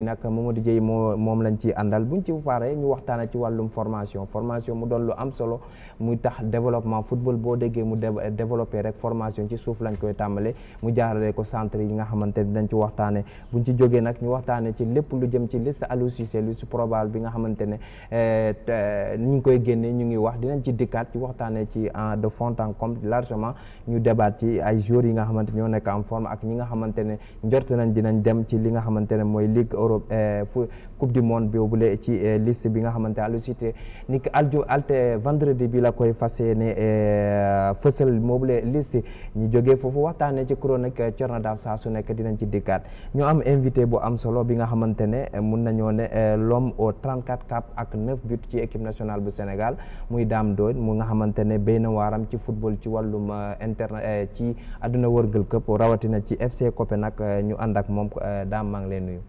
nag Mamadou Dieye moo moom lañ ci àndal buñ ci paree ñu waxtaana ci wàllum formation formation mu doon lu am solo muy tax développement football boo déggee mu développé rek formation ci suuf lañ koy tàmbale mu jaarale ko centre yi nga xamante ni dañ ci waxtaane buñ ci jógee nag ñu waxtaane ci lépp lu jëm ci liste Aliou Cissé su probable bi nga xamante ne eh, ñu ngi koy génnee ñu ngi wax dinañ ci dikkaat ci waxtaane ci de fond en comble largement ñu débat ci ay joueurs yi nga xamante ñoo nekk en forme ak ñi nga xamante ne njort nañ dinañ dem ci li nga xamante ne mooy ligue Europe eh, fu coupe du monde boobule ci eh, list bi nga xamante Aliou Cissé ni ki alju alte vendredi bi la koy fas yéene eh, fësal moobule list ñu jóge foofu waxtaanee ci chronique Thierno Daaf saa su nekk dinañ ci dikkaat ñu am invité bu am solo bi nga xamante ne mun nañoo ne lom au 34 cap ak 9 but ci équipe national bu Sénégal muy daam Doane mu nga xamante ne béy na waaram ci football ci wàllum internet ci àdduna wërgal këpp rawatina ci FC Copenhague ñu ànd ak moom daam maa ngi leen nuyu.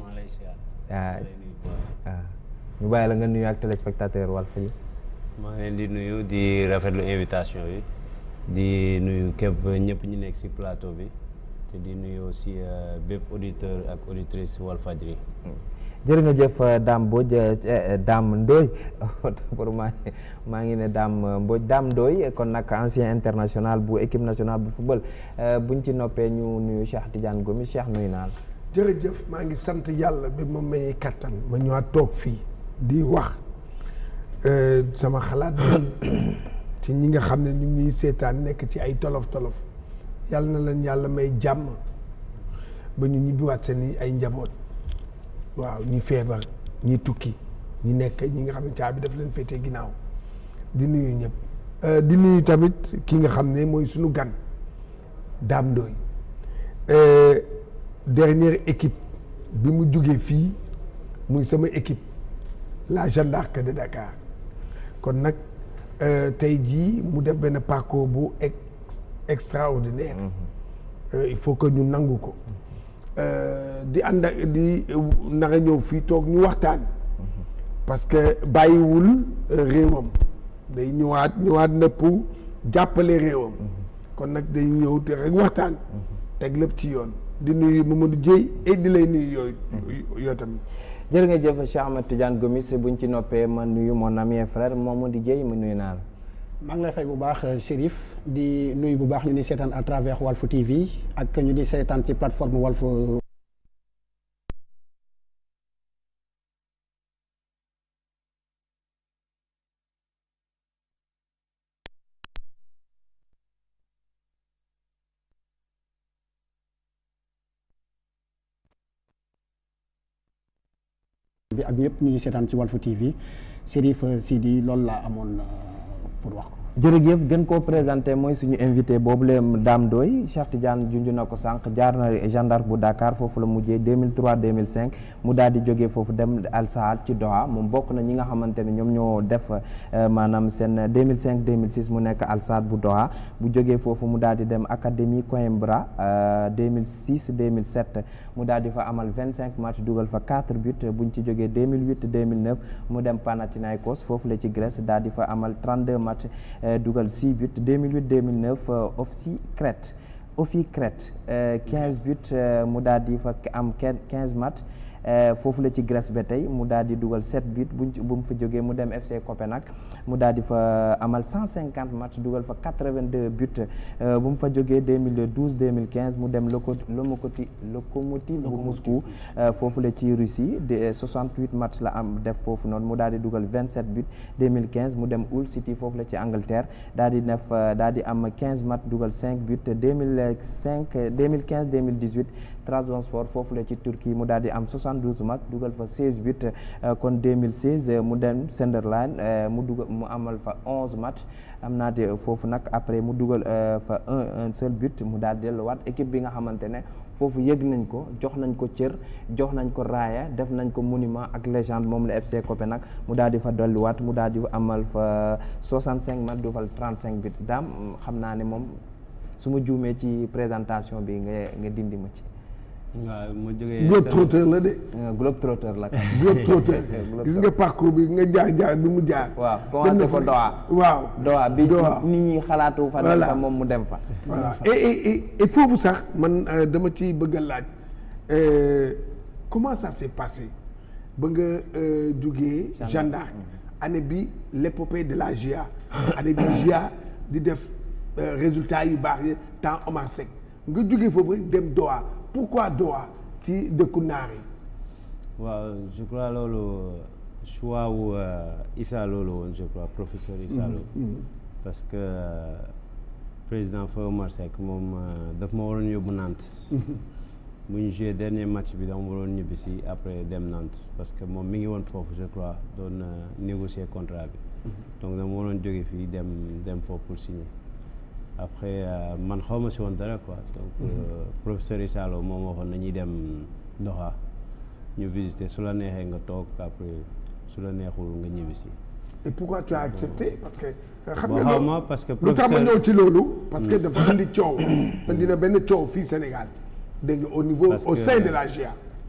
waaw ah. ah. ñu bàyyi la nga nuyu ak téléspectateur Walfadjri maa ngi leen di nuyu di rafetlu invitation yi di nuyu képp ñëpp ñu nekk ci plateau bi te di nuyu si euh, bépp auditeur ak auditrice Walfadjri jërë nga jëf euh, Dame Mbodj euh, eh, Dame Ndoye pour maa ngi ne Dame Mbodj Dame Ndoye kon nag ancien international bu équipe nationale bu football buñ ci noppee ñu nuyu Cheikh Tidiane Gomis Cheikh nuyu naa la jërëjëf maa ngi sant yàlla bi ma mayee kàttan ma ñëwaat toog fii di wax euh, sama xalaat ci ñi nga xam ne ñu ngi seetaan nekk ci ay tolof tolof yàlla na leen yàlla may jàmm ba ñu ñibbiwaat seen ay njaboot waaw ñi feebar ñi tukki ñi nekk ñi nga xam ne caa bi daf leen féete ginnaaw di nuyu ñëpp euh, di nuyu tamit ki nga xam ne mooy sunu gan Dame Ndoye euh, dernière équipe bi mu jugee fii muy sama équipe la Jeanne d'Arc de Dakar kon nag euh, tey jii mu def benn parcours bu ex extraordinaire. Mhm. Euh, il faut que ñu nangu ko. Euh, di ànd ak di nara ñëw fii toog ñu waxtaan. parce que bàyyiwul réewam day ñëwaat ñëwaat nëpp jàppale réewam. Mhm. kon nag day ñëw te rek waxtaan. Mhm. teg lépp ci yoon. di nuyu Mamadou Dieye et eh, di lay nuyu yooyu yooyu tamit. jërë nga jëf Cheikh Ahmed Tidiane Gomis buñ ci noppee ma nuyu mon ami et frère Mamadou Dieye ma nuyu naa la. maa ngi lay fay bu baax euh, Chérif di nuyu bu baax ñu ni seetaan à travers Walfu TV ak ñu di seetaan ci plateforme Walfu bi ak ñëpp ñu ngi seetaan ci Walfu TV Chérif Sidi loolu laa amoon euh, pour wax ko jërëjëf gën koo présenter mooy suñu invité boobu la Dame Ndoye Cheikh Tidiane junj na ko sànq jaar na gendarme bu Dakar foofu la mujjee 2003 2005 mu daal di jógee foofu dem Al Saad ci Doha mu bokk na ñi nga xamante ne ñoom ñoo def euh, maanaam seen 2005 2006 mu nekk Al Saad bu Doha bu jógee foofu mu daal di dem académie Coimbra 2006 2007 mu daal di fa amal 25 match dugal fa 4 buts bu ñu ci jógee 2008 2009 mu dem Panathinaikos foofu la ci Grèce daal di fa amal 32 match. Eh, dugal 6 buts 2008 2009 OFSI Crète OFI Crète 15 eh, buts eh, mu daal di fa am 15 match Euh, foofu la ci Grèce ba tey mu daal di dugal 7 but buñ bu mu fa jógee mu dem FC Copenhague mu daal di fa amal 150 match dugal fa 82 but euh, bu mu fa jógee 2012 2015 mu dem loco lomocoti Lokomotiv bu Moscou euh, foofu la ci Russie de 68 match la am def foofu noonu mu daal di dugal 27 but 2015 mu dem Hull City foofu la ci Angleterre daal di def daal di am 15 match dugal 5 but 2005 2015 2018 Trabzonspor foofu la ci turki mu daal di am 72 match dugal fa 16 but euh, kon 2016 euh, mu dem Sunderland euh, mu dugal mu amal fa 11 match am naa de foofu nag après mu dugal fa un un mu daal di delluwaat équipe bi nga xamante ne foofu yëg nañ ko jox nañ ko cër jox nañ ko raaya def nañ ko monument ak légende moom la FC nag mu daal di fa delluwaat mu daal di amal fa 65 match dugal 35 but daam xam naa ne moom su ma juumee ci présentation bi nga nga dindi ma ci. waaw ma jógee globe trotteur la de. Euh, globe trotteur la kat. globe trotteur gis nga parcours bi nga jaar jaar bi mu jaar. waaw commencé ko Doha. waaw Doha bi nit ñi xalaatu fa. voilà sax moom mu dem fa. voilà et et et foofu sax man euh, dama ci bëgg a laaj euh, comment ça s'est passé ba nga jugee. Jeanne d'Arc année bi l'épopée de la GIA. année bi GIA di def résultat yu baax yi temps Omar Seck nga jugee foofu dem Doha. pourquoi Doha ci dëkku naar yi. waaw je crois loolu choix wu euh, Issa loolu woon je crois professeur Issa Lô mm-hmm. mm-hmm. parce que euh, président Faye Omar moom euh, daf ma waroon yóbbu nant bu mm-hmm. ñu joué dernier match bi dama waroon ñibbi si après dem nant parce que moom mi ngi woon foofu je crois doon négocier contrat bi. donc dama waroon jóge fii dem dem foofu pour signer. après euh, man xaw ma si woon dara quoi donc mhm. euh, professeur Issa Lo moom waxoon na ñuy dem doxa ñu visiter su la neexee nga toog après su la neexul nga ñibbi si. et pourquoi tu as accepté euh, parce que. xam nga loolu parce que. professeur ci loolu. parce que hmm. dafa indi coow. indi na benn coow fii Sénégal. dégg au niveau au sein de la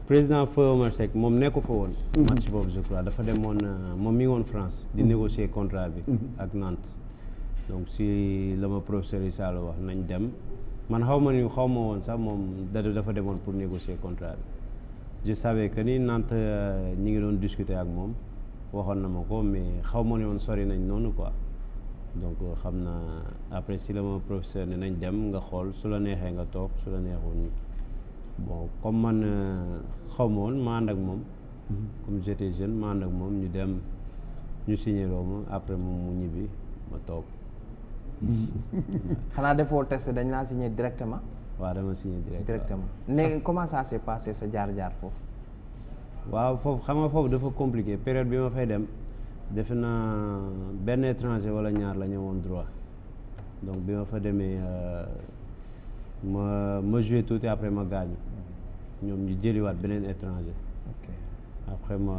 président Feu Omar Seck moom nekku fa woon. Hmm. match boobu je crois dafa demoon moom mi ngi France. di hmm. négocier contrat bi. ak Nantes. donc si la ma professeur Issa Lo wax nañ dem man xaw ma ni xaw ma woon sax moom da dafa demoon pour négocier contrat bi je savais que ni Nantes euh, ñi ngi doon discuter ak moom waxoon na ma ko mais xaw ma ne woon sori nañ noonu quoi donc euh, xam naa après si la ma professeur ne nañ dem nga xool su la neexee nga toog su la neexoon bon comme man euh, xaw ma woon ma ànd ak moom comme j'étais jeune ma ànd ak moom ñu dem ñu signé loo ma après moom mu ñibbi ma toog xanaa defoo test dañ laa signé directement. waaw dama signé directement. ne comment ça s'est passé sa jaar-jaar foofu. waaw foofu xam nga foofu dafa compliqué période bi ma fay dem defe naa benn étranger wala ñaar la ñëwoon droit donc bi ma fa demee euh, ma ma joué après ma gaañu ñoom ñu jëliwaat beneen étranger. après ma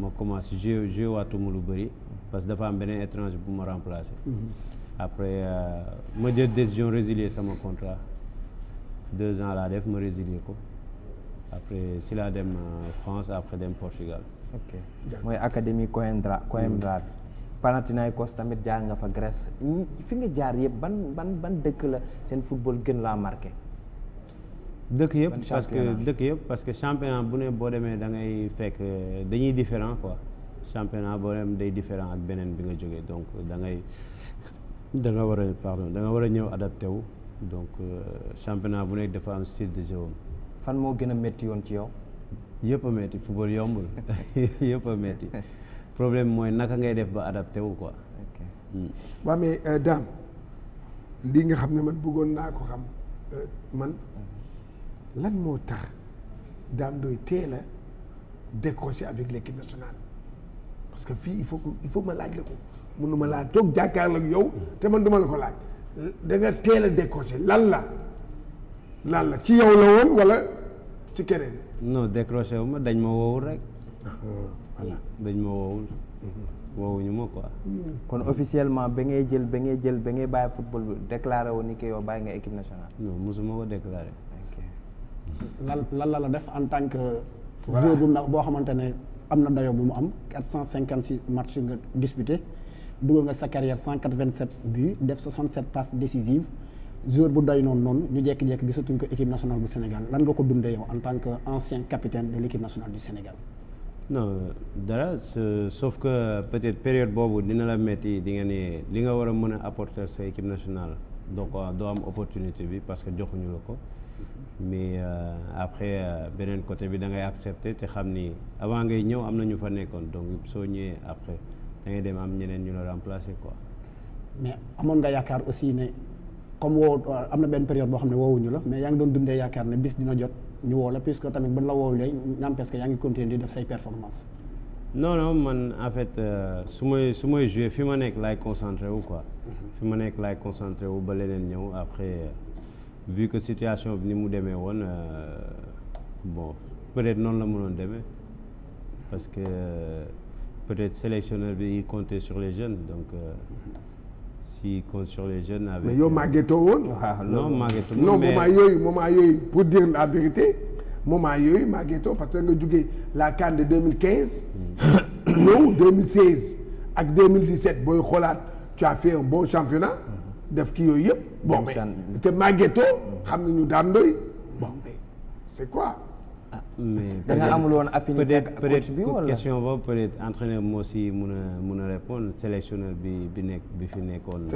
ma commencé joué joué lu bëri parce que dafa am beneen étranger bu ma remplacé. Mhm. après euh, ma jël décision résilier sama contrat deux ans laa def ma résilier ko après si laa dem euh, France après dem Portugal. ok mooy académie Coimbra Coimbra. Panathinaikos tamit jaar nga fa Grèce fi nga jaar yëpp ban ban ban dëkk la seen football gën la marqué. dëkk yëpp parce que dëkk yëpp parce que championnat bu ne boo demee da ngay fekk euh, dañuy différent quoi championnat boo dem day différent ak beneen bi nga jógee donc da da war a pardon da war a ñëw adapté wu donc euh, championnat bu nekk dafa am style de jeu am fan moo gën a métti yoon ci yow. yëpp a métti football yombul yëpp a métti problème mooy naka ngay def ba adapté wu quoi. Hmm. waa mais euh, Dame nga xam ne man bëggoon naa ko xam euh, man lan moo tax Dame Ndoye teel a décroché avec l' équipe parce que fii il faut que il faut ma laaj la ko mënuma laa toog jàkkaarloo ak yow te man duma la ko laaj da nga teel a décroché lan la lan la ci yow la ci keneen. non décroché wu ma dañ ma rek. Ah, voilà dañ ma woowul. woowuñu ma kon officiellement ba ngay jël ba ngay jël ba ngay bàyyi football bi déclaré ni que nga équipe nationale. non mosuma ko def en tant que. voilà bu ndax boo xamante ne. am na dayoo bu mu am 456 matchs nga disputé dugal nga sa carrière 187 buts def 67 passes décisives joueur bu doy noonu noonu ñu jékki-jékki gisatuñ ko équipe nationale bu Sénégal lan nga ko dundee yow en tant que ancien capitaine de l' équipe nationale du Sénégal. non dara sauf que peut-être période boobu dina la metti di nga li nga war a mën a apporter sa équipe nationale donc euh, doo am opportunité bi parce que joxuñu la ko. mais euh, après euh, beneen côté bi da ngay accepter te xam ni avant ngay ñëw am na ñu fa nekkoon donc soo ñëwee après da ngay dem am ñeneen ñu la remplacer ko mais amoon nga yaakaar aussi ne comme woo euh, am na benn période boo xam ne woowuñu la mais yaa ngi doon dundee yaakaar ne bis dina jot ñu woo la puisque tamit buñ la woowulee n'empêche que yaa ngi continuer di def say performance non man en fait euh, su may su may joué fi ma nekk laay concentré wu quoi. Mm-hmm. fi ma nekk laay concentré wu ba leneen ñëw après. vu que situation bi ni mu demee woon euh, bon peut-être noonu la mënoon demee parce que euh, peut-être sélectionneur bi il comptait sur les jeunes donc euh, s'il compte sur les jeunes. avec mais yow màggetoo woon. waaw euh, ah, non màggetoo non moment yooyu moment yooyu pour dire la vérité moment yooyu màggetoo parce que nga jógee la CAN de 2015. Hmm. ñëw 2016 ak 2017 booy xoolaat tu as fait un bon championnat. def ki yooyu yëpp bon mais te Maguetto xam ñu Dame Ndoye bon mais c'est quoi ah mais da nga amul woon affinité bi wala question boobu peut être entraîneur moo si mun a mun a répondre sélectionneur bi bi nekk bi fi nekkoon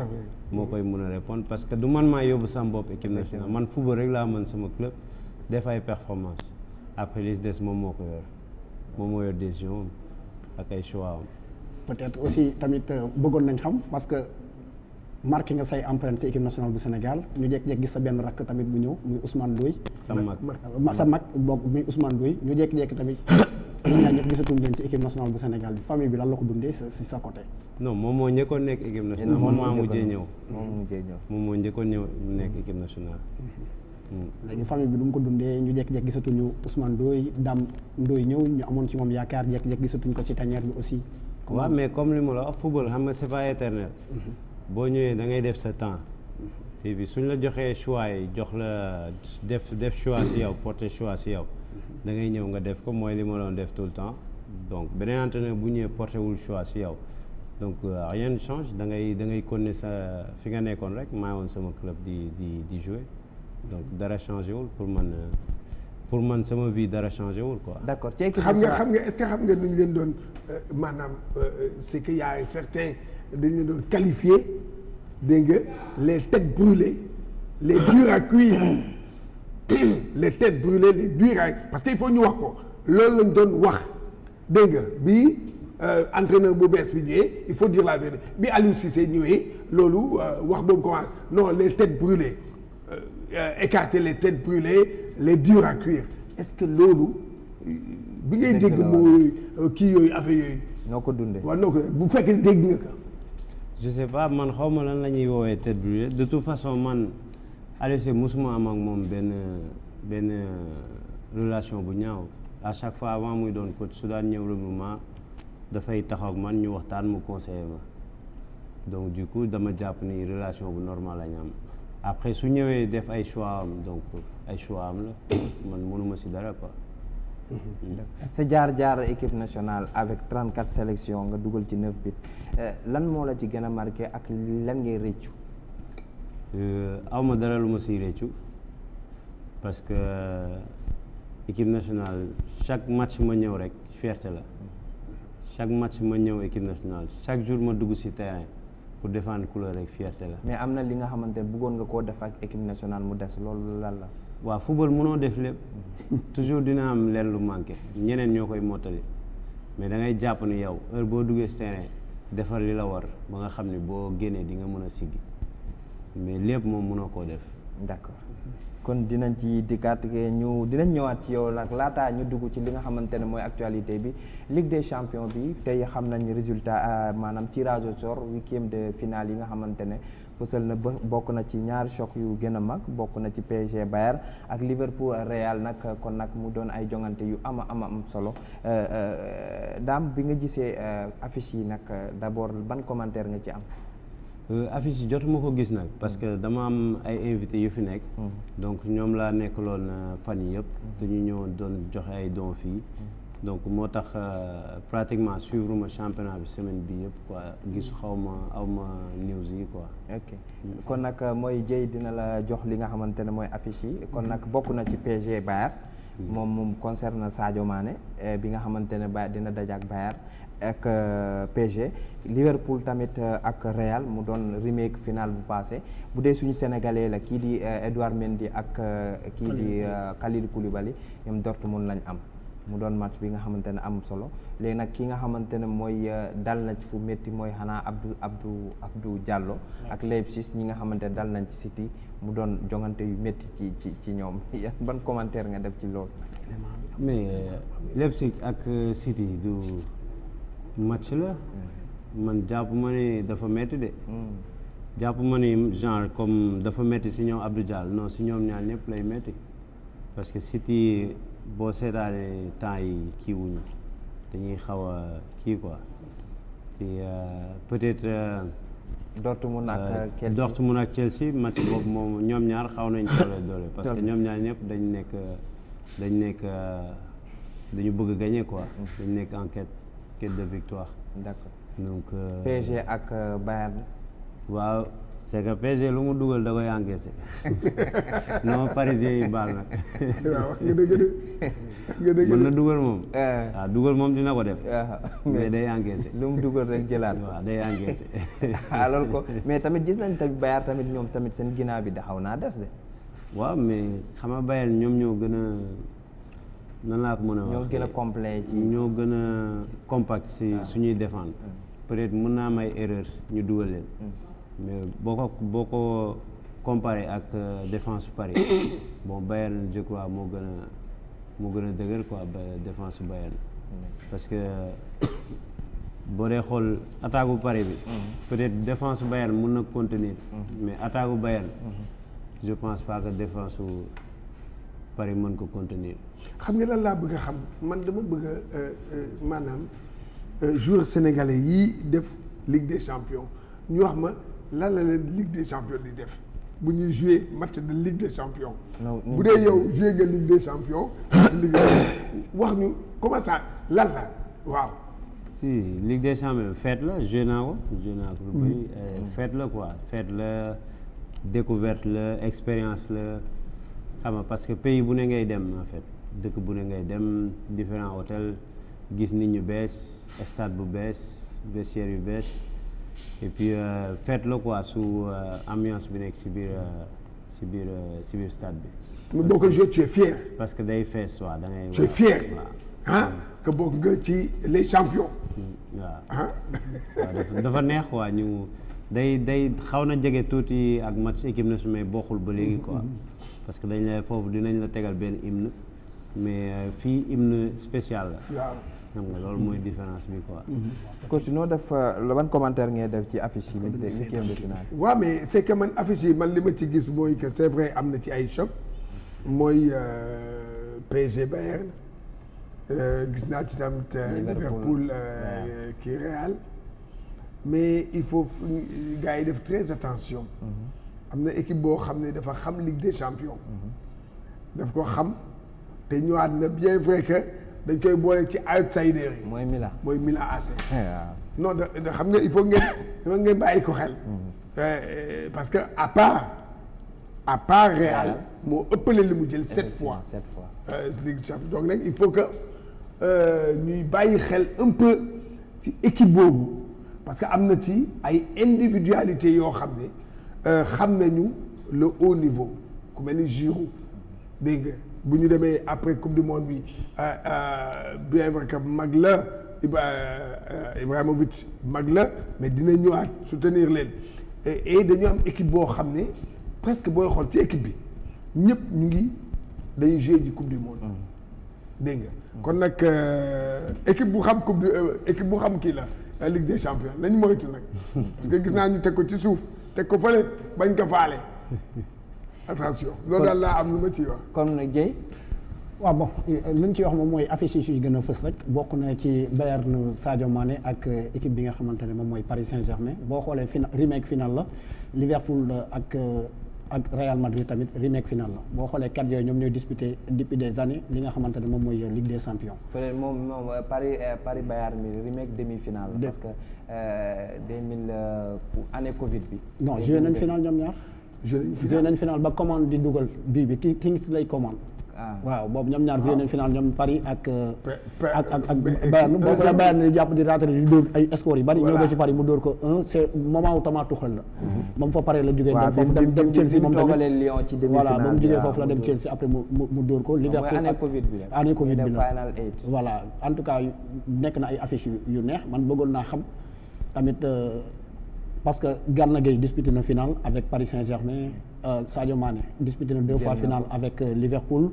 moo koy mun a répondre parce que du man maa yóbbu sama bopp équipe nationale man football rek laa mën sama club def ay performance après les des moom moo ko yor moom moo yor décision ak ay choix am aussi tamit euh, bëggoon nañ xam marqué nga say empreinte ci équipe nationale bu Sénégal ñu jekk jékki gis sa benn rakk tamit bu ñëw muy Ousmane Ndoye. sa mag sa mag boog muy Ousmane Ndoye ñu jékki-jékki tamit ñaa ñëpp gisatuñ leen ci équipe bu Sénégal bi famille bi lan la ko dundee si sa côté. non moom moo njëkkoon nekk équipe nationale. moom moo mujjee ñëw moom moo njëkkoon ñëw nekk équipe nationale. Mm-hmm. Mm. léegi famille bi du ko dundee ñu jékki-jékki gisatuñu Ousmane Ndoye Dame Ndoye ñëw ñu amoon ci moom yaakaar jékki-jékki gisatuñ ko ci tanière bi aussi. waaw mais comme li ma la wax football xam nga c'est pas éternel. Mm-hmm. boo ñëwee da ngay def sa temps fii bi suñ la joxee choix jox la def def choix si yow porter choix si yow dangay ñëw nga def ko mooy li ma doon def tout le temps donc beneen entraîneur bu ñëwee porté wul choix si yow donc euh, rien change da ngay da ngay connaître sa fi nga nekkoon rek maa woon sama club di di di jouer donc dara changé wul pour man pour man sama vie dara changé wul quoi. d'accord xam nga xam nga est-ce xam nga nu ñu leen doon euh, maanaam euh, c'est que y a dañu leen doon qualifier dégg nga les têtes brûlées les durs à cuire les têtes brûlées les durs à parce que il faut ñu wax ko loolu lañ doon wax dégg nga bi euh, entraîneur bu bees bi ñëwee il faut dire la vérité bi Aliou Cissé ñëwee loolu euh, wax boobu commencé non les têtes brûlées euh, écarter les têtes brûlées les durs à cuire est-ce que loolu bi ngay dégg moo kii yooyu affaire yooyu noo ko dundee waaw noo ko bu fekkee dégg nga ko je sais man xaw ma lan la ñuy woowee tête brûlée de toute façon man Aliou Seye musuma moom benn benn relation bu ñaaw à chaque fois avant muy doon coach su daan ñëw regroupement dafay taxaw ak man ñu waxtaan mu conseiller ma donc du coup dama jàpp ni relation bu normal la ñu am après su ñëwee def ay choix am donc ay choix am la man mënuma si dara quoi. Mm-hmm. sa jaar-jaar équipe nationale avec 34 sélections nga dugal ci 9 buts eh, lan moo la ci gën a marke ak lan ngay rëccu. Euh, aw ma dara lu ma si rëccu parce que euh, équipe nationale chaque match ma ñëw rek fierté la chaque match ma ñëw équipe nationale chaque jour ma dugg si terrain pour défendre couleur rek fierté la. mais am na li nga xamante ne bëggoon nga koo def ak équipe nationale mu des loolu lal la. waaw football mënoo def lépp toujours dina am leen lu manqué ñeneen ñoo koy mottali mais da ngay jàpp ni yow heure boo duggee si terrain defar li la war ba nga xam ne boo génnee di nga mën a siggi mais lépp moom mënoo koo def. d'accord kon dinañ ci dikkaat ñu dinañ ñëwaat ci yow nag laataa ñu dugg ci li nga xamante ne mooy actualité bi Ligue des champions bi tey xam nañ résultat euh, maanaam ci rajo sort huitième de finale yi nga xamante ne. fësal na ba bokk na ci ñaari choc yu gën a mag bokk na ci PSG Bayern ak Liverpool Real nag kon nag mu doon ay jongante yu ama ama am solo euh, euh, daam bi nga gisee euh, affiche yi nag d'abord ban commentaire nga ci am affiche yi jotuma ko gis nag parce que dama am ay invité yu fi nekk mm. donc ñoom laa nekk loon fan yi yëpp te mm. ñu ñëw doon joxe ay don fii mm. donc moo tax euh, pratiquement suivre ma championnat bi semaine bi yëpp ko gis xaw ma aw ma news yi quoi. ok kon nag euh, mooy Dieye dina la jox li nga xamante ne mooy affiche mm-hmm. kon nag bokk na ci PSG Bayern. Mm-hmm. moom moom concerne Sadio Mané euh, bi nga xamante ne ba dina daj ak Bayern ak PSG Liverpool tamit ak Real mu doon remake final bu passé bu dee suñu sénégalais la kii di Edouard di ak kii di Kalidou Koulibaly ñoom Dortmund lañu am. mu doon match bi nga xamante ne am solo léegi nag ki nga xamante ne mooy euh, dal na fu métti mooy xanaa Abdou Abdou Abdou Diallo ak Leipzig ñi nga xamante ne dal nañ ci City mu doon jongante yu métti ci ci ci ñoom ban commentaire nga def ci loolu. mais euh, Leipzig ak euh, City du match la. man jàpp ma ne dafa métti de. Mm. jàpp ma ni genre comme dafa métti si ñoom Abdou Diallo non si ñoom ñaar ñëpp lay métti parce que City. boo seetaanee temps yi kii dañuy xaw a kii quoi ci euh, peut-être. Euh, Dortmund ak euh, Chelsea Dortmund ak Chelsea match boobu moom ñoom ñaar xaw nañ doole doole. parce que ñoom ñaar ñëpp dañ nekk dañ nekk dañu bëgg a gagner quoi. Mm-hmm. dañ nekk en quête de victoire. d'accord donc. PSG ak Bayern. waaw. c'est que PSG lu mu dugal da koy encaissé non parisien yi baal na. mën na dugal moom. waaw eh. ah, dugal moom dina ko def. Eh. mais day encaissé. lu mu dugal rek jëlaat. waaw day encaissé. ah loolu ko mais tamit gis nañ tamit Bayern tamit ñoom tamit seen ginnaaw bi daxaw naa des de. waaw mais xam nga Bayern ñoom ñoo gën a. nan laa ko mën a wax ñoo gën a complet ci ñoo gën a compact si ah. suñuy défendre. Mm. peut-être mën naa may erreur ñu dugal leen. Mm. mais boo ko boo ko comparer ak euh, défense Paris bon Bayern je crois moo gën a moo gën a dëgër quoi défense Bayern mm. parce que boo dee xool attaque bu Paris bi mm. peut-être défense Bayern mun na contenir mm. mais attaque bu Bayern mm-hmm. je pense pas que défense bu Paris mën ko continuer xam nga lan laa bëgg a xam man dama bëgg a euh, euh, maanaam joueur sénégalais yi def Ligue de champions ñu wax ma lan la leen Ligue des champions di def bu ñuy joué match de Ligue des champions. bu dee yow joué nga Ligue des champions. Ligue wax ñu comment ça la waaw. si Ligue des champions fête la joué naa ko joué naa ko. Mm. Euh, fête la quoi fête la découverte la expérience la xam nga parce que pays bu ne ngay dem en fait dëkk bu ne ngay dem différent hôtels gis nit ñu bees stade bu bees vestiaire yu bees. et puis euh, fête la quoi su euh, ambiance bi nekk si biir euh, si biir si biir stade bi. parce boo ko joué tu fier. parce que day fees waaw da ngay. tu fier ah ci les mm, dafa neex waa ñu day day xaw na jege tuuti ak match na nationale mais bokkul ba léegi quoi. Mm-hmm. parce que dañ lay foofu dinañ la tegal benn hymne mais fii hymne spécial la. xam nga loolu mooy hmm. différence bi quoi. Hmm. coach noo def euh, ban commentaire ngay def ci affiche yi. huitième de finale waaw mais c' man affiche yi man li ma ci gis mooy que c' est vrai am na ci ay choc. mooy euh, PSG Bayern euh, gis naa ci tamit. Liverpool kii Real. mais il faut gars yi def très attention. Mm-hmm. am na équipe boo xam ne dafa xam Ligue des Champions. Mm-hmm. daf ko xam te ñëwaat na bien vrai que. dañ koy boole ci outsider yi. mooy Milan mooy Milan AC. Eh, non de xam nga il faut ngeen il faut ngeen bàyyi ko xel. Mm-hmm. Eh, eh, parce que à part à part Real moo ëppale li mu jël sept fois. sept fois Ligue Champions donc nag il faut que euh, ñuy bàyyi xel un peu ci équipe boobu parce que am na ci ay individualité yoo xam ne euh, xam nañu le haut niveau ku mel ni dégg nga bu ñu demee après coupe du monde bi ah, ah, bien vrai que mag la ah, Ibrahimovic mag la mais dina ñëwaat soutenir leen et dañu am équipe boo xam ne presque booy xool ci équipe bi ñëpp ñu ngi dañuy joué ji coupe du monde. Mm. dégg nga mm. kon nag euh, équipe bu xam coupe du euh, équipe bu xam kii la la Ligue des champions nañ moytu nag. parce gis naa ñu teg ko ci suuf teg ko fële bañ ko faale. attention loolu daal laa am lu ma ciy wax. kon Dieye. waaw bon eh, li ñu ci wax moom mooy affiche yi gën a fës rek bokk na ci Bayern Sadio Mané ak eh, équipe bi nga xamante ne moom mooy Paris Saint-Germain boo xoolee final remake final la Liverpool ak. Eh, ak Real Madrid tamit remake final la boo xoolee quatre yooyu ñoom ñooy disputé depuis des années li nga xamante ne moom mooy Ligue des champions. peut-être moom moom euh, Paris euh, Paris Bayern mi remake demi finale. parce que 2000 euh, année Covid bi. non joué nañ final ñoom ñaar. joué nañ final ba commande di dugal bii bi ki Kings lay commande. Ah. waaw boobu ñoom ñaar joué nañ ah. final ñoom Paris ak. ak ak ak boobu la Bayern di jàpp di rater di dóor ay score yu bari. ñoo ko si Paris mu dóor ko c'est moment wu mu dóor ko. Liverpool année Covid bi la année en tout cas nekk na ay affiches yu neex man bëggoon naa xam tamit. Euh, parce que Gana Gueye dispute na finale avec Paris Saint-Germain euh, Sadio Mané dispute na deux fois finale avec euh, Liverpool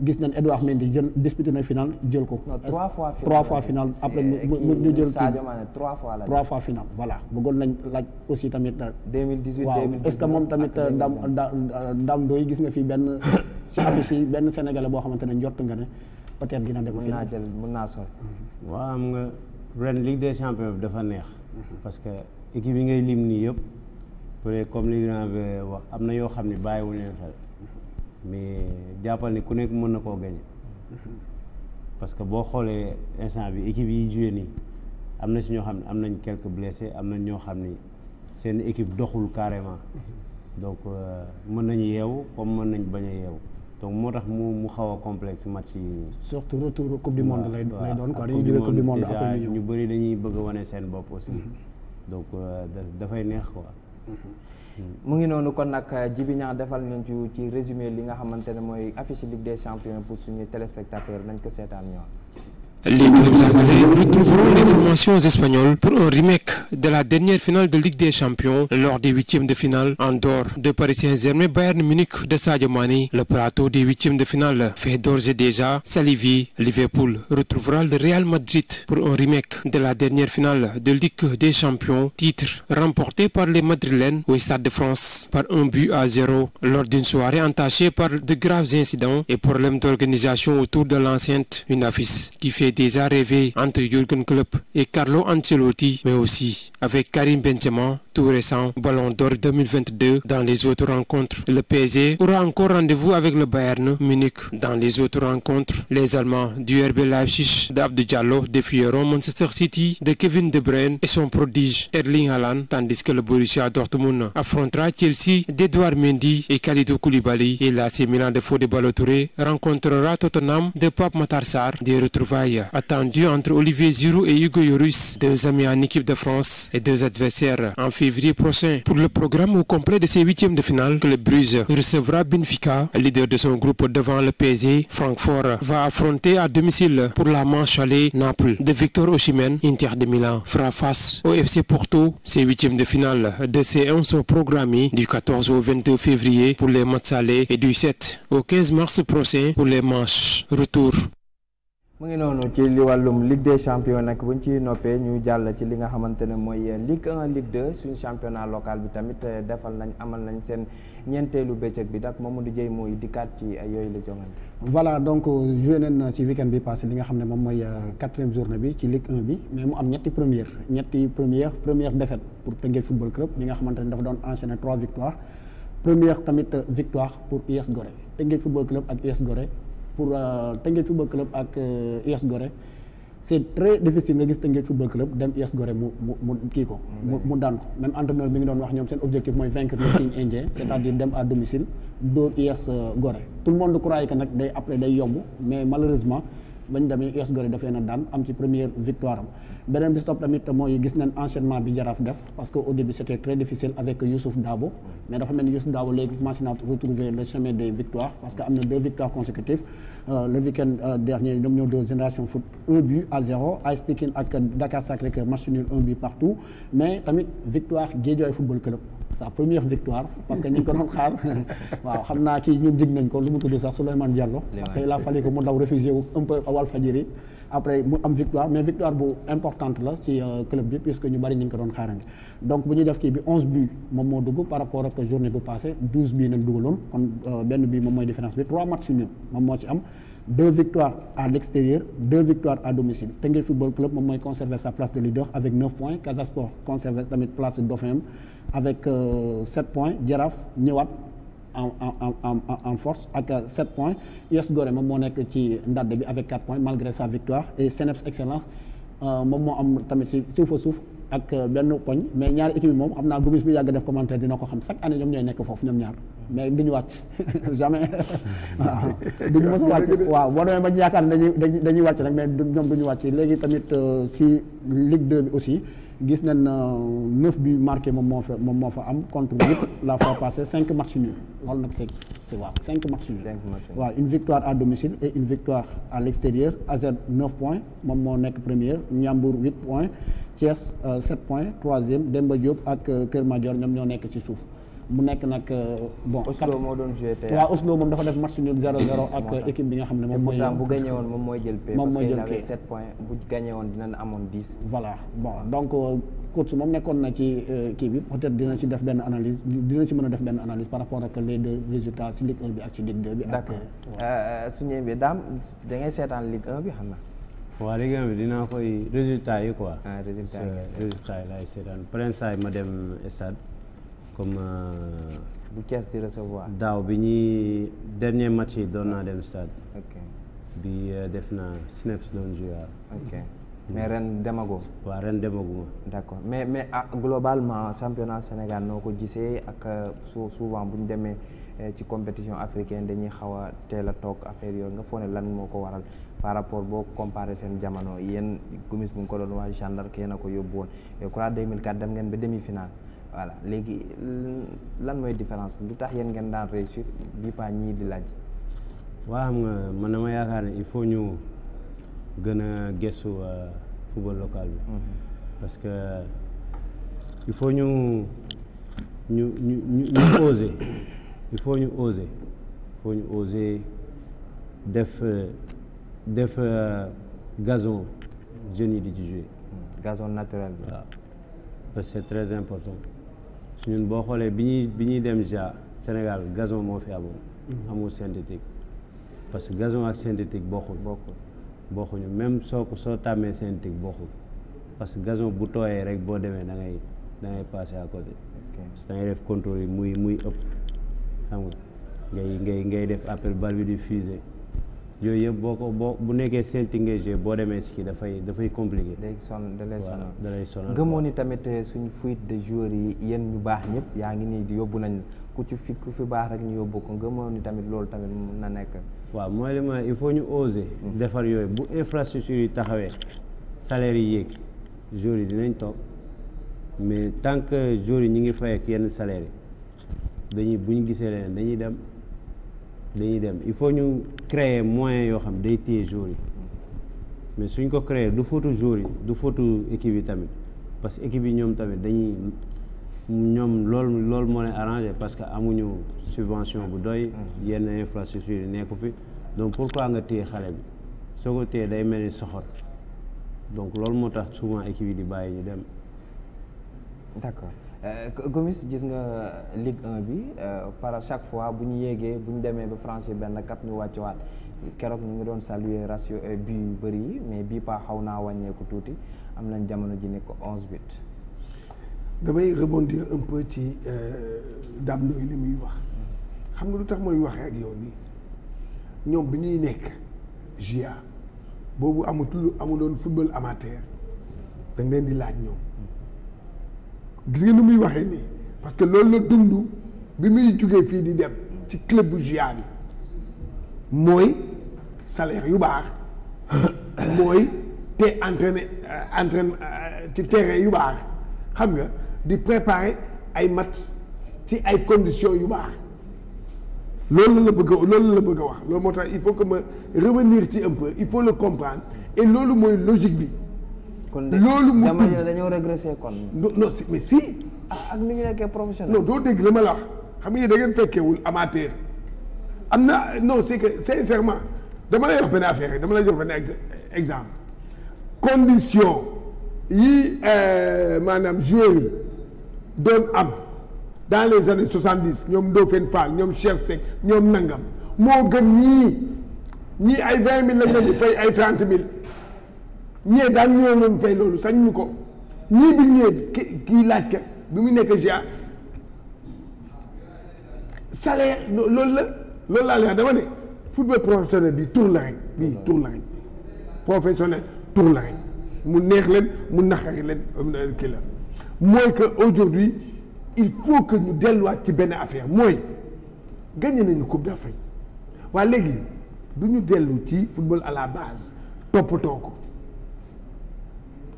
gis nañ Edouard Mendy jël dispute na finale jël ko. trois fois finale trois fois finale après mu jël. Sadio Mané trois fois la trois fois finale voilà bëggoon nañ laaj aussi tamit. 2018 euh, waaw est-ce que moom tamit euh, Ndam dam Ndoye gis nga fi benn si affiche benn sénégalais boo xamante ne njot nga ne peut-être dina dem. mën naa naa sori. am nga ren Ligue des champions dafa neex. Mhm. parce que. équipe yi ngay lim nii yëpp peut comme li nga am na yoo xam ne bàyyiwu leen xel mais jàppal ni ku nekk mën na koo gagné parce que boo xoolee instant bi équipe yi joué nii am na si ñoo xam ne am nañ quelques blessés am nañ ñoo xam ni seen équipe doxul carrément donc euh, mën nañu yeewu comme mën nañ bañ a yeewu donc moo tax mu mu xaw a complexe match yi. surtout retour coupe du monde ñu bëri dañuy bëgg a wane seen bopp aussi. Mhm. donc euh, dafay neex quoi. Mhm. Hmm. mu ngi noonu kon nag euh, Djiby Niang defal nañ ci ci résumé li nga xamante ne mooy affiche Ligue des champions pour suñu téléspectateurs nañ ko seetaan ñoom. dimensions espagnoles pour un remake de la dernière finale de Ligue des Champions lors des huitièmes de finale en dehors de Paris saint Bayern Munich de Sadio Mané le plateau des huitièmes de finale fait d'ores et déjà saliver Liverpool retrouvera le Real Madrid pour un remake de la dernière finale de Ligue des Champions titre remporté par les Madrilènes au Stade de France par un but à zéro lors d'une soirée entachée par de graves incidents et problèmes d'organisation et Carlo Ancelotti, mais aussi avec Karim Benzema, tout récent Ballon d'Or 2022. Dans les autres rencontres, le PSG aura encore rendez-vous avec le Bayern Munich. Dans les autres rencontres, les Allemands du RB Leipzig d'Abdou Diallo défieront Manchester City de Kevin De Bruyne et son prodige Erling Haaland, tandis que le Borussia Dortmund affrontera Chelsea d'Edouard Mendy et Kalidou Koulibaly. Et l'AC Milan de Fodé Ballo-Touré rencontrera Tottenham de Pape Matar Des retrouvailles et deux adversaires en février prochain. Pour le programme au complet de ces huitièmes de finale, le Bruges recevra Benfica, leader de son groupe devant le PSG. Francfort va affronter à domicile pour la manche aller Naples de Victor Osimhen. Inter de Milan fera face au FC Porto. Ces huitièmes de finale de C1 sont programmés du au février pour les matchs aller et du 7 au mars prochain pour les manches retour. mu ngi noonu ci li wàllum Ligue des champions nag buñ ci noppee ñu jàll ci li nga xamante ne mooy Ligue 1 Ligue 2 suñu championnat local bi tamit eh, defal nañ amal nañ seen ñeenteelu bëccëg bi nag Mamadou Dieye mooy dikkaat ci eh, yooyu la jongante voilà donc euh, joué nañ ci week-end bi passé li nga xam ne moom mooy euh, quatrième journée bi ci Ligue 1 bi mais mu am ñetti première ñetti première première défaite pour Teungueth Football Club mi nga xamante ne dafa doon enchaîner trois victoires première tamit euh, victoire pour US Gorée Teungueth Football Club ak US Gorée pour euh, Teungueth Football Club ak US euh, Gorée c'est très difficile nga gis Teungueth Football Club dem US Gorée mu mu mu kii ko mu daan ko même entraîneur bi ngi doon wax ñoom seen objectif mooy vaincre le signe indien c'est-à-dire dem à domicile dóor US euh, Gorée tout le monde croyait que nag day après day yomb mais malheureusement bañ demee US Gorée dafee na daan am ci première victoire am beneen bi si tamit mooy gis nañ enchaînement bi jaraaf def parce que au début c' très difficile avec Youssouf Dabo mais dafa mel ni Youssouf léegi commencé naa retrouver le chemin des victoires parce que am na deux victoires consécutives euh, le week-end euh, dernier ñoom ñoo deux génération foot un but à zéro AS Pikine ak Dakar Sacré-Cœur match nul un but partout mais tamit victoire Guédiawaye football club sa première victoire parce que ñu ngi ko doon xaar waaw xam naa ko lu mu tudd sax Souleymane Diallo parce que après mu am victoire mais victoire bu importante la ci euh, club bi puisque ñu bari ñu ngi ko doon xaarandi donc bu ñuy def kii bi onze moom moo dugg par rapport ak journée bu passé douze bii nañ dugaloon kon euh, benn bii moom mooy différence bi trois matchs nuls moom moo ci am deux à l'extérieur deux à domicile Teungueth Football Club moom mooy conserver sa place de leader avec points Casa Sport conserver tamit place dauphin avec 7 euh, points Jaraaf ñëwaat en en en en force ak 7 euh, points US Gorée moom moo nekk ci ndàdd bi avec 4 points malgré sa victoire et Ceneps Excellence euh, moom moo am tamit si suuf a suuf ak euh, benn poñ mais ñaari équipe moom xam naa gumis bi yàgg def commentaire dina ko xam chaque année ñoom ñooy nekk foofu ñoom ñaar mais duñu wàcc jamais waaw duñu a wàcc waaw boo demee ba ñu yaakaar dañuy dañuy wàcc rek mais ñoom duñu wàcc léegi tamit ci Ligue 2 aussi gis nañ na euh, neuf bi marqués moom moo fa moom moo fa am contre huit la fois passée cinq matchs nuls loolu nag c'est c'est waaw cinq matchs nuls waaw une victoire à domicile et une victoire à l'extérieur AZ neuf points moom moo nekk première Ndiambour huit points Thiès euh, sept points troisième Demba Diop ak euh, Kër Madior ñoom ñoo nekk ci suuf mu nekk nag euh, bon. Oslo moo doon joué tey waaw Oslo moom dafa def match nul 0-0 ak équipe bi nga xam ne moom mooy. bu gagné woon moom mooy jël paie. moom mooy jël paie parce que 7 points bu gagné woon dinañ amoon 10. voilà bon donc euh, coach moom nekkoon na ci euh, kii bi peut-être dina ci def benn analyse dina ci mën a def benn analyse par rapport ak les deux résultats ci Ligue 1 bi ak ci Ligue 2 bi. d'accord su ñëwee bi daam da ngay seetaan Ligue 1 bi xam na. waaw Ligue 1 bi dinaa koy résultats yi quoi. ah résultats yi résultats yi laay seetaan prince ma dem stade. comme bu euh, Thiès di recevoir. daaw bi ñuy dernier match yi doon naa dem stade. bi euh, def naa si doon joué ok mm. mais ren demagoo. waaw ren demaguma. d' accord mais mais ah globalement championnat Sénégal noo ko gisee ak euh, souvent bu ñu demee ci compétition africaine dañuy xaw a teel a toog affaire yooyu nga foog lan moo ko waral par rapport boo comparé seen jamono yéen Gomis bu ñu ko doon wax gendarme yéen a ko yóbbu woon et croix dem ngeen ba demi finale. voilà léegi lan mooy différence lu tax yéen ngeen daan réussir bi pas ñii di laaj. waa xam nga man dama yaakaar ne il faut ñu gën a gëstu euh, football local bi. Mhm. parce que il faut ñu ñu ñu ñu ñu il faut ñu oser il faut ñu oser def euh, def euh, gazon jeunes yi di ci jouer. gazon naturel bi waaw parce que très important. ñun boo xoolee bi ñuy bi ñuy dem ja Sénégal gazon moo fi amoon. Mm-hmm. amul synthétique parce que gazon ak synthétique bokkul. bokkul bokkuñu même soo ko soo tàmmee synthétique bokkul parce que gazon bu tooyee rek boo demee da ngay da ngay passé à côté. parce ngay def contrôle yi muy muy ëpp xam nga ngay ngay ngay def appel bal di fusée. yooyu yëpp boo ko boo bu nekkee saint engagé boo demee si kii dafay dafay compliqué. day sonn da lay sonal da lay sonal gëmoo ni tamit eh, suñu fuite de joueurs yi yéen ñu baax ñëpp yaa ngi nii di yóbbu nañ ku ci fi ku fi baax rek ñu yóbbu ko gëmoo ni tamit loolu tamit mun na nekk. waaw mooy li ma il faut ñu oser. Mm-hmm. defar yooyu bu infrastructure yi taxawee salaire yi yéeg joueurs yi dinañ toog mais tant que joueurs yi ñu ngi fay ak yenn salaire yi dañuy gisee leneen dañuy dem. dañuy dem il faut ñu créer moyen yoo xam day téye jour yi mais suñ ko créer du fóotu jour yi du footu équipe yi tamit parce que équipe yi ñoom tamit dañuy ñoom loolu loolu moo leen arrangé parce que amuñu subvention bu doy mm-hmm. yenn infrastructure yi nekku fi donc pourquoi nga téye xale bi soo ko téye day mel ni soxor donc loolu moo tax souvent équipe yi di bàyyi ñu dem d'accord Euh, Gomis gis nga Ligue 1 bi euh, par chaque fois bu ñu yéegee bu ñu demee ba franchir benn cap ñu wàccuwaat keroog ñu ngi doon saluer ratio bi yu bëri yi mais bii par xaw naa wàññeeku tuuti am nañ jamono ji nekk onze but. damay rebondir un peu ci euh, Dame Ndoye li muy wax xam nga lu tax mooy waxee ak yow nii ñoom bi ñuy nekk GIA boobu amatul amuloon football amateur da leen di laaj ñoom. gis nga ni muy waxee nii parce que loolu la dund bi muy jógee fii di dem ci club bu GIA bi mooy salaire yu baax mooy te entraîné euh, entraîné euh, ci terrain yu baax xam nga di préparer ay match ci ay conditions yu baax loolu la bëgg loolu la bëgg wax loolu moo tax il faut que ma revenir ci un il faut le comprendre et loolu mooy logique bi kon loolu mu tudd dañoo régressé kon. non non si mais si. Ah, ak ni ñu nekkee professionnel. non doo dégg la ma la xam nga da ngeen fekkeewul amateur am na non c'est que sincèrement dama lay wax benn affaire dama lay jox benn exemple condition yi euh, maanaam joueurs yi doon am dans les années soixante dix ñoom Ndofène Fall ñoom Cheikh Seck ñoom Nangam moo gën ñii ñii ay vingt mille lañ leen di fay ay trente mille. ñee daal ñoo doon fay loolu sañ ñu ko ñii bi ñëwee ki kii laaj ka bi mu nekk GA salaire loolu la loolu laa la dama ne football professionnel bi tour la rek bii tour la rek professionnel tour la rek mu neex leen mu naqari leen kii la mooy que aujourd'hui il faut que ñu delluwaat ci benn affaire mooy gagné nañu coupe d'Afrique waaye léegi du ñu dellu ci football à la base toppatoo ko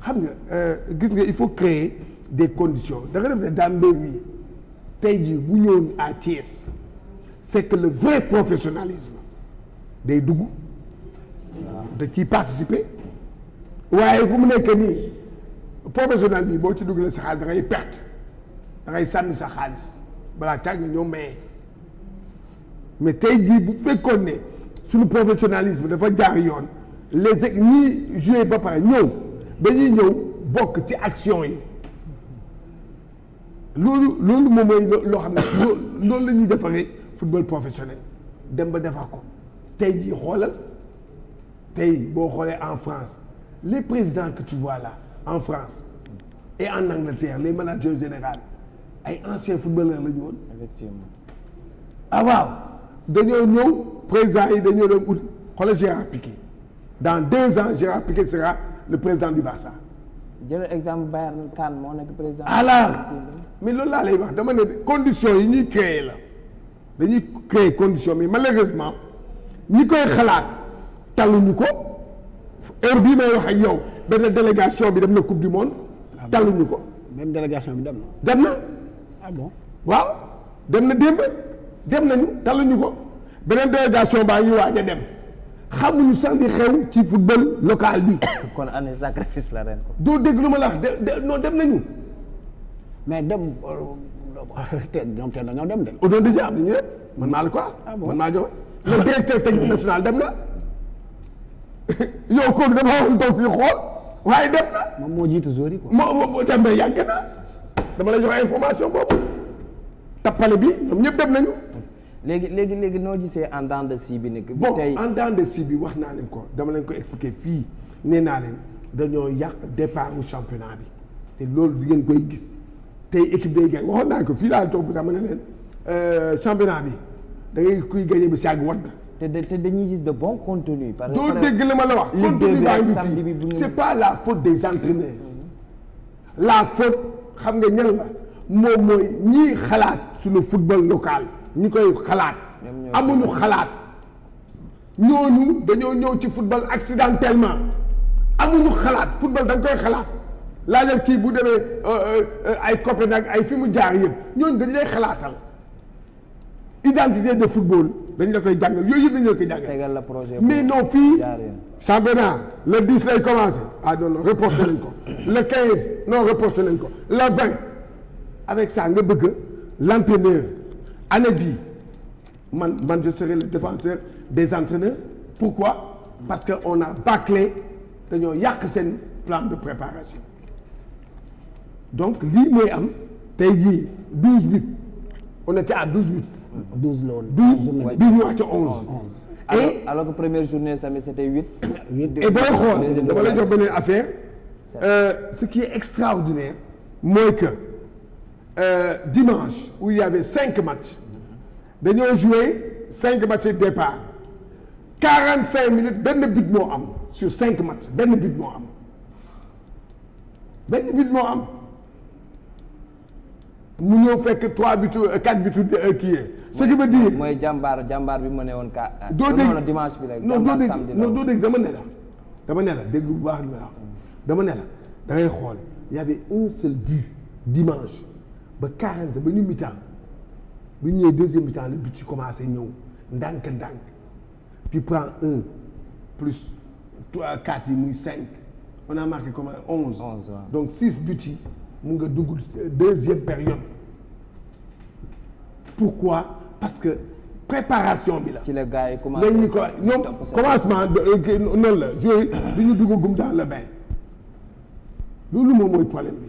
xam nga euh, gis nga il faut créer des conditions da nga def ne daan mbay mi tey jii bu ñëwoon à Thiès fekk le vrai professionnalisme day dugg da ciy participer waaye fu mu nekk nii professionnel bi boo ci duggalee sa xaalis da perte da sànni sa xaalis balaa càgg ñoo maye mais tey jii bu fekkoon ne suñu professionnalisme dafa jaar yoon les ñii joué ba pare ñëw. dañuy ñëw bokk ci action yi loolu loolu moom mooy loo xam ne loolu lañuy ñuy defaree football professionnel dem ba defar ko tey jii xoolal tey boo xoolee en France les président que tu vois là en France et en Angleterre les managers généraux ay anciens footballeurs la ñu woon. effectivement ah waaw dañoo ñëw président yi dañoo dem ut xoolal Gérard dans deux ans Gérard Piqué sera. le président du Barça. jël exemple Bayern Kane moo nekk président. voilà ah mais loolu laa lay wax dama ne condition yi ñuy créer la dañuy créer condition mais malheureusement ñi koy xalaat taluñu ko heure bii may wax ak yow benn délégation bi dem na coupe du monde. Ah taluñu ko. même délégation bi dem na. dem na. ah bon waaw dem na démb dem nañu taluñu ko beneen délégation baa ñu waaj a dem. xamuñu sax li xew ci football local bi. kon année sacrifice la doo dégg lu ma la de non dem nañu. mais dem te ñoom te dañoo dem de. o doon de am nañu man maa la quoi. Ah man maa joxe le directeur technique national dem na. yow kooku dafa waroon toog xool waaye dem na. moom moo jiitu zone yi quoi. moo moo dem na yàgg na dama la jox information boobu. tappale bi ñoom ñëpp dem nañu. léegi léegi léegi noo gisee en dents de scie bi nekk. bon en dents de scie bi wax naa leen ko dama leen ko expliquer fii nee naa leen dañoo yàq départ mu championnat bi te loolu di ngeen koy gis tey équipe day gañ waxoon naa ko fii laa toog sax ma ne leen euh, championnat bi da kuy gagné bi saag wadd te dañuy gis de bon contenu. par doo dégg li ma la wax. contenu baa ngi fi c'est pas la faute des entraîneurs. la faute xam nga ñan la moom mooy ñiy xalaat suñu football local. ñu koy xalaat amuñu xalaat ñooñu dañoo ñëw ci football accidentellement amuñu xalaat football da koy xalaat laa laajal kii bu demee euh, euh, euh, ay Copenhague ay fi mu jaar yëpp ñooñu dañu lay xalaatal identité de football dañ la koy jàngal yooyu yëpp dañ la koy jàngal mais non fii championnat le 10 lay commencé ah non non reporté nañ ko le 15 nañ ko le 20 avec ça nga bëgg l'entraîneur année bii man man je serai le défenseur des entraîneurs pourquoi parce que on a bâclé dañoo yàq seen plan de préparation donc lii mooy am tey jii douze on était à douze buts. douze bi ñu wàcc onze. et alors que première journée tamit c'était huit. huit et booy xool dama lay jox beneen affaire. Euh, ce qui est extraordinaire mooy que euh, dimanche où il y avait cinq matchs dañoo joué cinq matchs départ quarante cinq minutes benn but moo am sur cinq matchs benn but moo am benn but moo am mu ñëw fekk trois bit euh, quatre buts kii euh, ce qui veut dire mooy jàmbaar jàmbaar bi mu ne woon ka euh, doo dégg dimanche bi rek non doo dégg doo dégg dama ne dama ne dégg bu baax li ma dama ne la xool y avait un seul dimanche ba quarante ba ñu mi bi ñu ñëwee deuxième mi-temps la but yi commencé ñëw ndànk ndànk puis un plus trois quatre yi muy cinq on a marqué comme onze. donc six buts yi mu nga dugg deuxième période. pourquoi parce que préparation bi la. ci la gars yi commencé léegi ñu ko ñoom commencement noonu la joué du ñu duggagum dans le bain loolu moom mooy problème bi.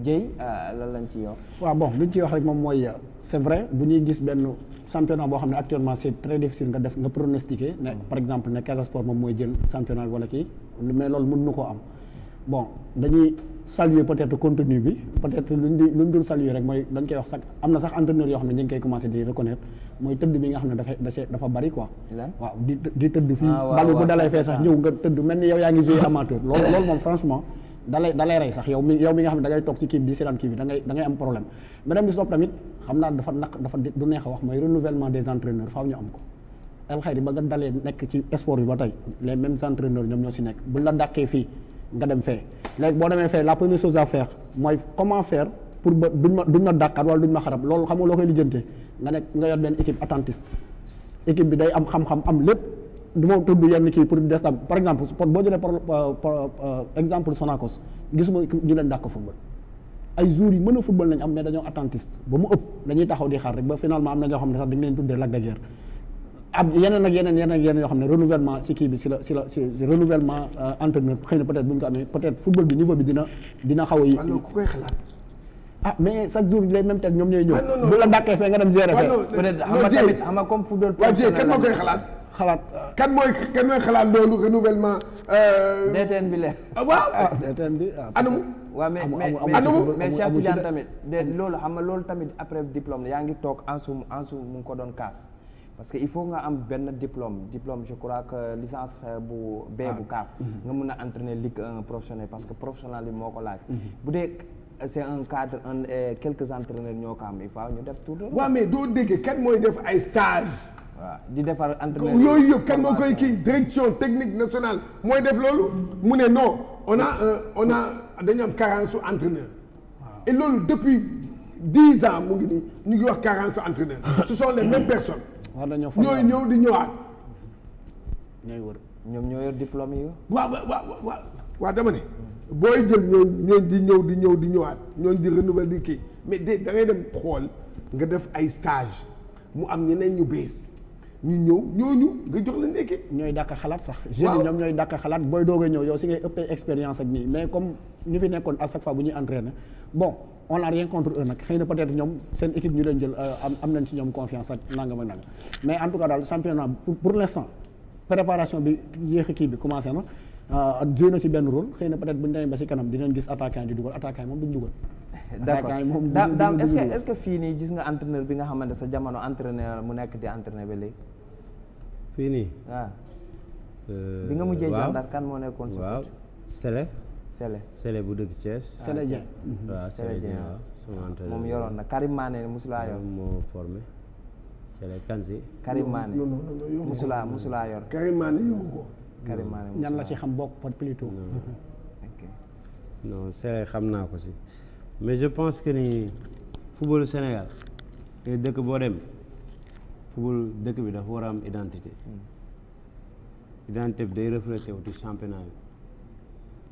Dieye euh, lan lañ ci yow. waaw bon luñ ci wax rek moom mooy euh, c'est vrai bu ñuy gis benn championnat boo xam ne actuellement c'est très difficile nga pronostiquer ne par exemple ne Casa moom mooy jël championnat wala kii mais loolu mën na koo am bon dañuy saluer peut-être contenu bi peut-être luñ di dul saluer rek mooy dañ koy wax sax am na sax entraîneur yoo xam ne ñu koy commencer di reconnaître mooy tëdd bi nga xam ne dafa dafa dafa bari quoi. waaw di tëdd fii. Ah, dalay dalay rey sax yow mi yow mi nga xam ne da ngay toog ci kii bi di seetaan kii bi da ngay am problème beneen bi sopp tamit xam naa dafa naq dafa du neex a wax mooy renouvellement des entraîneurs faaw ñu am ko alxayri ba nga dalee nekk ci sport bi ba tey les mêmes entraîneurs ñoom ñoo ci nekk buñ la dàkkee fii nga dem fee léegi boo demee fee la première chose à faire mooy comment faire pour ba duñ ma duñ ma dàkkaat wala duñ ma xarab loolu xam nga loo koy lijjantee nga nekk nga bi day am xam am lépp du ma tudd yenn kii pour destam par exemple boo jëlee par euh, euh, exemple Sonacos gisuma ñu leen dàq football ay jours yi mën a football nañ am mais dañoo attentiste ba mu ëpp dañuy taxaw di xaar rek ba finalement am na leen yoo xam ne renouvellement ci kii bi ci la ci la ci renouvellement euh, entraîneur xëy na peut-être ko amee peut football bi niveau bi dina xaw a yi ah, mais chaque jour les mêmes têtes ñoom ñooy ñëw ah, bu la dàqee fee nga dem gérer ah, fee peut xam nga comme football kan ma koy xalaat xalaat. kan mooy kan mooy xalaat loolu renouvellement. Euh, DTN bi la. Ah, waaw ah, ah, DTN bi waaw. anamu. waaw mais mais mais Cheikh Tidiane tamit. de loolu xam nga loolu tamit après diplôme yaa ngi toog en sous en sous mu ngi ko doon kaas. parce que il faut nga am benn diplôme diplôme je crois que licence bu B bu CAF. Mhm. nga mun a entraîner Ligue 1 professionnel parce que professionnel bi moo ko laaj. Mhm. bu dee c'est un cadre un euh, quelques entraîneurs ñoo ko am il faut ñu def tout. waaw mais doo déggee kan mooy def ay stage di defar entraîneur yooyu yëpp kan moo koy kii direction technique nationale mooy def loolu mu ne non on a un euh, on a dañu am carence su entraîneur et loolu depuis dix ans mu ngi nii ñu ngi wax carence su entraîneur ce sont les mêmes personnes ñooy ñëw di ñëwaat ñooy wër ñoom ñoo yor diplôme yi waaw waaw waaw waaw dama ne booy jël ñoo ñooñ di ñëw di ñëw di ñëwaat ñooñ di renouveler di kii mais de da ngay dem xool nga def ay stage mu am ñeneen ñu bees ñu ñëw ñooñu nga jox leen équipe. ñooy dàkk xalaat sax. waaw jeunes ñoom ñooy dàkk xalaat booy doog a ñëw yow si ngay ëppee expérience ak nii mais comme ñu fi nekkoon à chaque fois bu ñuy ñoom seen équipe ñu leen jël euh, am am nañ ci ñoom a kii bi commencé na. Euh, joué bi nga xamante sa jamono entraîneur mu nekk di entraîneur ba léegi. fii nii. Ah. Euh, bi nga mujjee gendarme kan moo nekkoon. waaw Sele. bu dëkk Thiès. Ah, Sele ah, yoroon na Karim Mané musulaa yor. moo formé yor. Karim ñan la ci xam bokk xam naa ko si mais pense que ni footballu Sénégal te dëkk boo dem. football dëkk bi dafa war a am identité hmm. identité bi day reflété wu ci championnat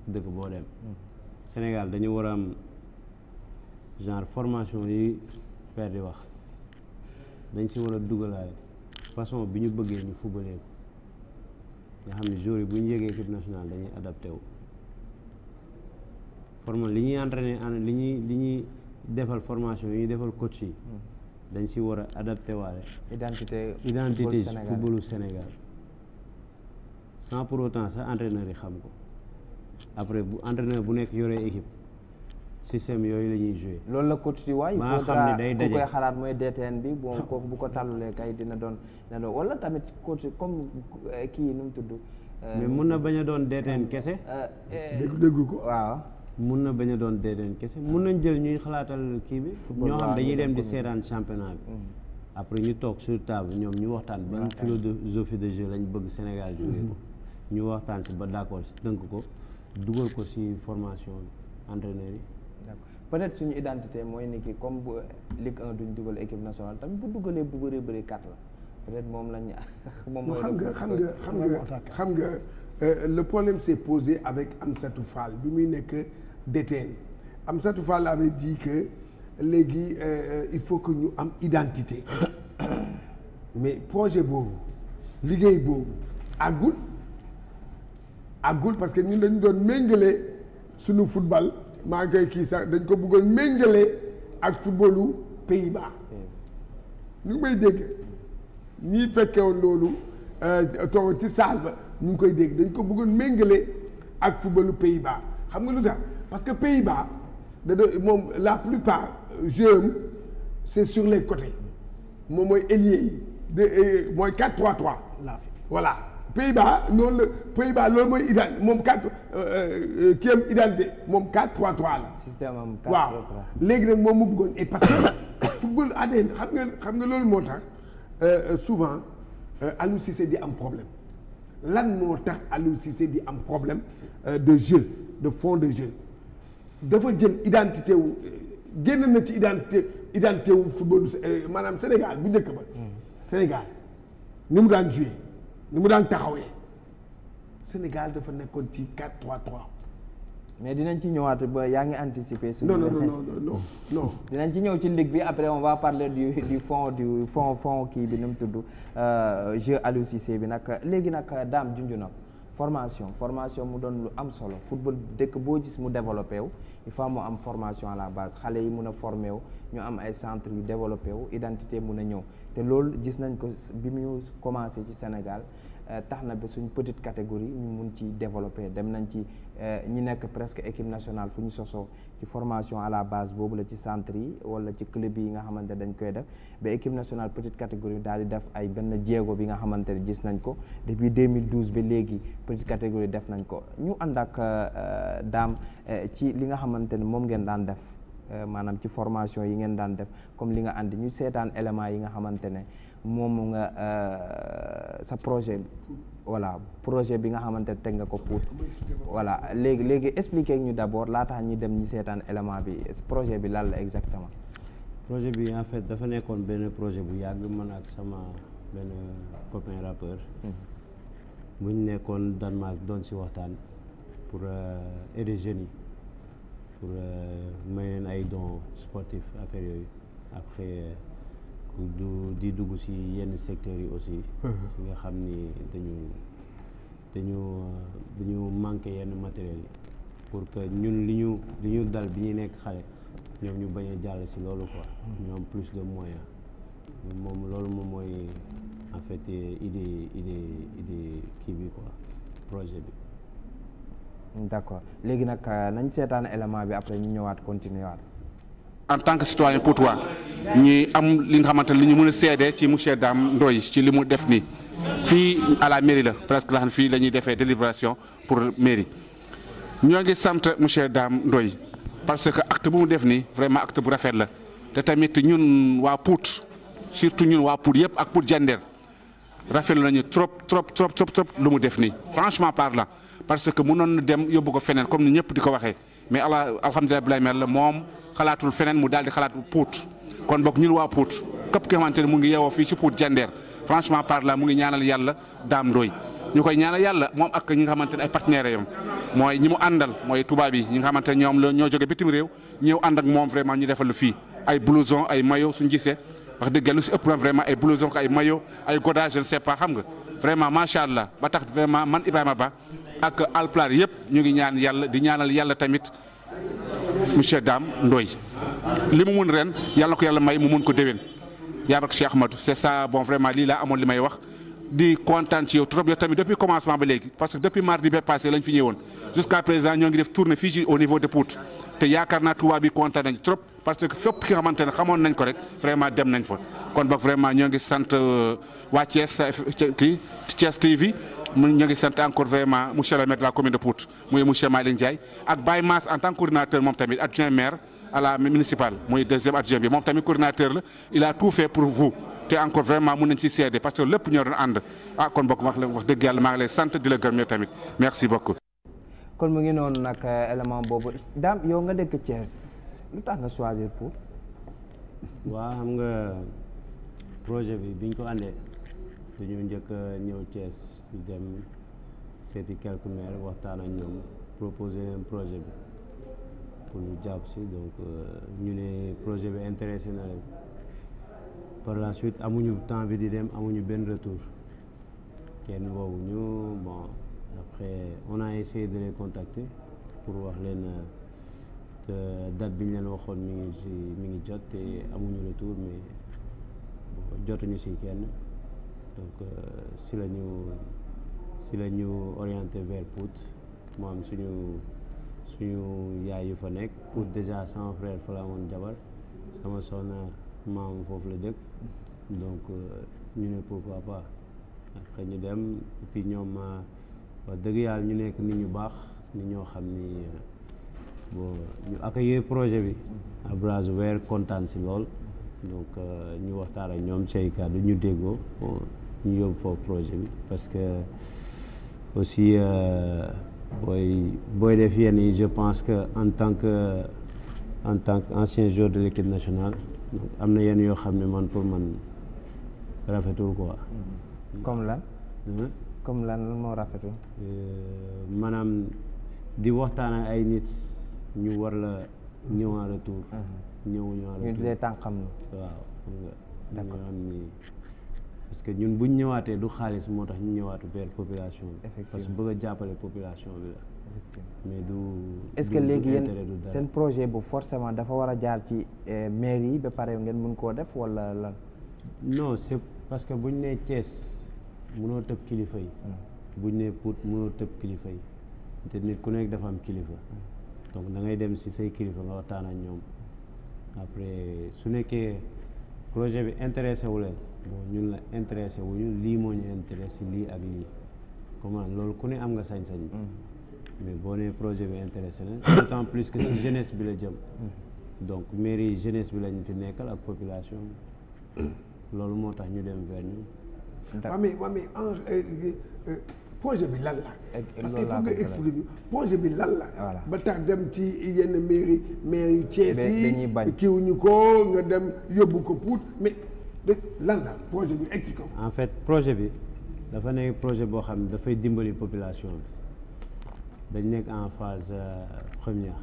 bi dëkk boo dem hmm. Sénégal dañu war a am genre formation yi père di wax dañ si war a dugalaale façon bi ñu bëggee ñu fubalee nga xam ne joueurs yi bu ñu yegee équipe nationale dañuy adapté wu forme li ñuy entraîné li ñuy li ñuy defal formation yi ñuy defal coach si dañ si war a adapté waale identité identité footballu Sénégal sans pour autant sax entraîneur yi xam ko après bu entraîneur bu nekk yore équipe système yooyu lañuy ñuy loolu la coach di waay. maa xam ne ku koy xalaat mooy DTN bi boo kooku bu ko tàllulee kay dina doon dina doon wala tamit coach comme eh, kii nu mu tudd. mais euh, mun na bañ a doon DTN kese. Euh, euh, dégg ko waaw. mun na bañ a doon déedéen kese mun nañ jël ñuy xalaatal kii bi ñoo xam dañuy dem di seetaan championnat bi mm. après ñu toog sur table ñoom ñu waxtaan ba philosophie de jeu lañ bëgg Sénégal mm. joué ko ñu waxtaan si ba d'accord si tënk ko dugal ko si formation entraîneur yi peut-être suñu identité mooy ni comme bu Ligue 1 duñ dugal équipe nationale tamit bu dugalee bu bëree bëri kat la peut moom lañ moom xam nga xam nga xam nga xam euh, nga le problème s'est posé avec Amsatou Fall bi muy nekk déteel Amsatou Fall avait dit que léegi euh, euh il faut que ñu am identité mais projet boobu liggéey boobu àggul àggul parce que ñu dañu doon méngale suñu football maa ngi kii sax dañ ko bëggoon méngale ak footballu Pays-Bas ñu ngi may dégg ñuy fekke woon loolu euh, toog ci saal ba ñu ngi koy dégg dañ ko buggoon méngale ak footballu Pays-Bas xam nga lu tax parce que Pays-Bas da doon moom la plupart jeu c'est sur les côtés moom mooy ailier yi de euh, mooy 4-3-3. voilà Pays-Bas noonu la Pays-Bas loolu mooy idéal moom 4 euh, euh, kii am identité moom 4-3-3 la. système am 4-3-3 waaw léegi nag moom mu bëggoon et parce que football ADN ah, xam nga xam nga loolu moo tax souvent Aliou Cissé di am problème lan moo tax Aliou Cissé di am problème de jeu de fond de jeu. dafa jël identité wu génn na ci identité identité wu football euh, maanaam Sénégal bu njëkk ba. Hmm. Sénégal ni mu daan joué ni mu daan taxawee Sénégal dafa nekkoon ci 4-3-3. mais dinañ ci ñëwaat ba yaa ngi anticiper. non non non non non. dinañ ci ñëw ci ligue bi après on va parler du du fond du fond fond kii bi nu mu tudd euh, jeu Aliou Cissé bi nag léegi nag daam junju na formation formation mu doon lu am solo football dëkk boo gis mu développé wu. il faut mu am formation à la base xale yi mun a formé wu ñu am ay centre yu développé wu identité mun a ñëw te loolu gis nañ ko bi mu commencé ci Sénégal Euh, tax na ba suñ petite catégorie ñu mun ci développer dem nañ ci euh, ñi nekk presque équipe nationale fu ñu sosoo ci formation à la base boobu la ci centre yi wala ci club yi nga xamante dañ koy def ba équipe nationale petite catégorie daal di def ay benn jéego bi nga xamante ne gis nañ ko depuis 2012 ba léegi petite catégorie def nañ ko ñu ànd ak euh, daam ci li nga xamante ne moom ngeen daan def maanaam ci formation yi ngeen daan def comme li nga àndi ñu seetaan éléments yi nga xamante ne moom nga euh, sa projet voilà projet bi nga xamante teg nga ko pour voilà léegi léegi expliquer ñu d' abord laataa ñu dem ñu seetaan élément bi projet bi lan la exactement projet bi en fait dafa nekkoon benn projet bu yàgg man ak sama benn copain rappeur bu hmm. nekkoon Danemark doon si waxtaan pour euh, aider jeunes yi pour euh, may leen ay dons sportifs affaire yooyu après du di dugg si yenn secteurs yi aussi. Mhm. fi nga xam ni dañu dañu dañu manqué yenn matériel yi pour que ñun li ñu li ñu dal bi ñuy nekk xale ñoom ñu bañ a jàll si loolu quoi. Mhm. ñu plus de moyens moom loolu moom mooy en fait idée idée idée kii bi ko projet bi. d' accord léegi nag euh, nañ seetaan élément bi après ñu ñëwaat continuer en tant que citoyen Poutouas ñuy am li nga xamante ne li ñu mën a seede ci monsieur Dame Ndoye ci li mu def nii fii à la mairie la presque la xam fii la defee délibération pour mairie ñoo ngi sant monsieur daam Ndoye parce que acte bu mu def nii vraiment acte bu rafet la te tamit ñun waa Pout surtout ñun waa Pout yëpp ak Pout Diender rafetlu nañu trop trop trop trop trop lu mu def nii franchement parlant parce que mënoon na dem yóbbu ko feneen comme ni ñëpp di ko waxee. mais ala alhamdulilah bilay mel moom xalaatul feneen mu daal di xalaat Pout kon boog ñun waa Pout képp ki nga ne mu ngi yeewoo fii ci Pout Diender franchement par là mu ngi ñaanal yàlla Dame Ndoye ñu koy ñaanal yàlla moom ak ñi nga xamante ne ay partenaires yam mooy ñi mu àndal mooy tubaab yi ñi nga xamante ne ñoom la ñoo joge bitim réew ñëw ànd ak moom vraiment ñu defal lu fii ay blouson ay maillot suñu gisee wax dëgg si ëpp vraiment ay blouson ay mayo ay godage je xam nga vraiment macha allah ba tax vraiment man Ibrahima Ba ak alpulaar yëpp ñu ngi ñaan yàlla di ñaanal yàlla tamit monsieur daam ndooy li mu mun ren yalla ko yàlla may mu mun ko déwén yaa ko Cheikh Ahmadou c'est ça bon vraiment lii laa amoon li may wax di kontaan ci yow trop yow tamit depuis commencement ba léegi parce que depuis mardi ba passé lañ fi ñëwoon jusqu'à présent ñoo ngi def tournée fii ci au niveau de Pout te yaakaar naa tubaab bi kontaan nañ trop parce que fépp ki nga xamante ne xamoon nañ ko rek vraiment dem nañ fa kon vraiment ñoo ngi sant euh, waa Thiès kii mu ñu ngi sant encore vraiment monsieur le maire de la commune de Pout muy monsieur Malick Ndiaye ak Baye Mass en tant que coordinateur moom tamit adjoint maire à la municipale muy deuxième adjoint bi moom tamit coordinateur la il tout fait pour vous te encore vraiment mun nañ ci seede parce que lépp ñoo doon ànd ah wax wax dëgg yàlla maa ngi lay sant di la gërëm tamit kon mu ngi noonu nag euh, élément boobu daam yow nga dëkk Thiès lu tax nga choisir Pout. waa xam nga projet bi biñ ko àndee dañoo njëkk a ñëw cees ñu dem seeti quelques maires waxtaan ak ñoom proposé leen projet bi pour ñu jàpp si donc euh, ñu ne projet bi intéressé na leen par la suite amuñu temps bi di dem amuñu benn retour kenn boobu ñu bon après on a essayé de les contacter pour wax leen euh, que date bi leen waxoon mi ngi si mi ngi jot te amuñu retour mais jotuñu si kenn. donc euh, si la ñu si la ñu orienté vers Pout mu am suñu suñu yaay yu fa nekk Pout déjà sama frère fa la amoon jabar sama soxna maam foofu la dëkk donc euh, ñu ne pourquoi pas xëy ñu dem et puis ñoom euh, wax dëgg yàlla ñu nekk nit ñu baax nit ñoo xam ni bon ñu projet bi à bras kontaan si lool donc ñu waxtaan ak ñoom say kàddu ñu déggoo ñu yóbbu foofu projet bi parce que aussi euh, booy booy def yenn yi je pense que en tant que en tant que ancien joueur de l'équipe nationale am na yenn yoo xam ne man pour man rafetul ko mm-hmm. comme la comme lan lan moo rafetul. Euh, maanaam di waxtaan ak ay nit ñu war la mm-hmm. ñëw en retour. ñëw ñëw en retour ñu dee tànqam na. waaw xam nga. d'accord parce que ñun bu ñu ñëwaatee du xaalis moo tax ñu ñëwaatu vers population bi. parce que bëgg a jàppale population bi la. mais du est-ce que léegi yéen seen projet bu forcément dafa war a jaar ci eh, mairie yi ba pare ngeen mun koo def wala la non c'est parce que bu ñu nee Thiès munoo tëb kilifa yi. Hmm. bu ñu nee Pout munoo tëb kilifa yi te nit ku nekk dafa am kilifa. Hmm. donc da ngay dem si say kilifa nga waxtaan ak ñoom après su nekkee projet bi intéressé wu leen bon ñun la intéressé wuñu lii moo ñu intéressé lii ak lii comment loolu ku ne am nga sañ-sañ bi mm. mais boo nee projet bi intéressé na d'autant que si jeunesse bi la jëm mm. donc mairie jeunesse bi lañu fi nekkal ak population loolu moo tax ñu dem vers ñu waaw mais waaw mais en euh, euh, euh, projet bi lan la parce ba tax dem ci yenn mairie mairie Thiès yi kiiwuñu ko nga dem yóbbu ko Pout mais dëgg lan la projet bi en fait projet bi dafa nekk projet boo xam ne dafay dimbali population bi dañ nekk en phase euh, première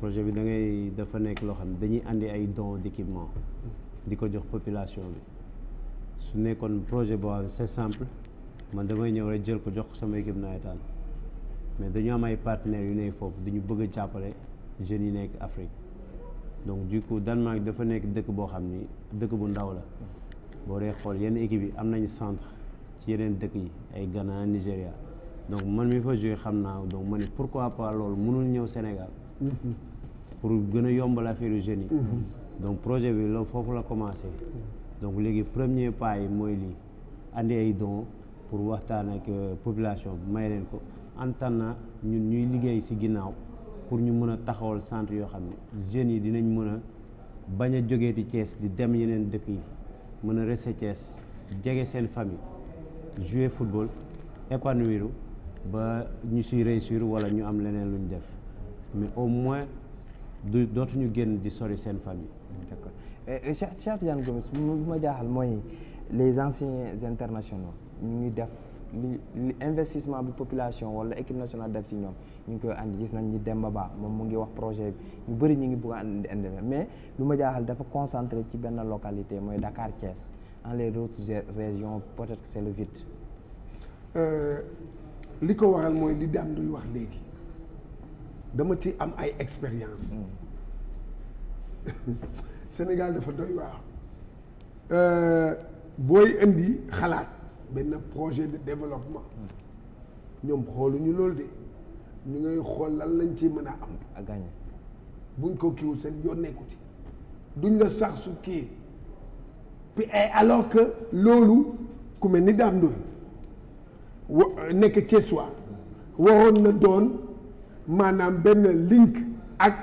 projet bi da ngay dafa nekk loo xam ne dañuy andi ay dons d'équipement di ko jox population bi su nekkoon projet boo xam ne c'est man damay ñëw rek jël ko jox ko sama équipe nawetaan mais dañu am ay partenaires yu ne foofu dañu bëgg a jàppale jeunes yi nekk Afrique donc du coup Danemark dafa nekk dëkk boo xam ni dëkk bu ndaw la. boo dee xool yenn équipe yi am nañu centre ci yeneen dëkk yi ay Ghana Nigéria donc man mi fa joué xam naa donc ma ne pourquoi pas loolu mënul ñëw Sénégal. pour gën a yombal affaire yu jeunes yi. donc projet bi la foofu la commencé. donc léegi premier pas yi mooy lii andi ay dons pour waxtaan ak euh, population may leen ko en ñun ñuy liggéey si ginnaaw pour ñu mën a taxawal centre yoo xam ne jeunes yi dinañ mën a bañ a jógee ci Thiès di dem yeneen dëkk yi. mën a rester Thiès jege seen famille jouer football épanouiru ba ñu suy réussir wala ñu am leneen lu ñu def mais au moins du dootuñu génn di sori seen famille. d'accord eh, eh, Cheikh Cheikh Tidiane Gomis mu ma jaaxal mooy les anciens internationaux ñu ngi def li investissement bi population wala équipe nationale def ci ñoom. ñu ngi koy andi gis nañ ni dem Ba baax moom mu ngi wax projet bi ñu bëri ñu ngi bëgg a andi indi mais lu ma jaaxal dafa concentré ci benn localité mooy dakaar Thiès en les autres régions peut-être que c'est le vide. Euh, li ko waral mooy li daam duy wax léegi dama ci am ay expérience mm. Sénégal dafa doy waar euh, booy indi xalaat benn projet de développement mm. ñoom xooluñu loolu de ñu ngay xool lan lañ ci mën a am. ak gagné buñ ko kiwul seen yoon nekku ci duñ la sax su kii pi ay eh, alors que loolu ku mel ni Dame Ndoye wa nekk Thiessois waroon na doon maanaam benn link ak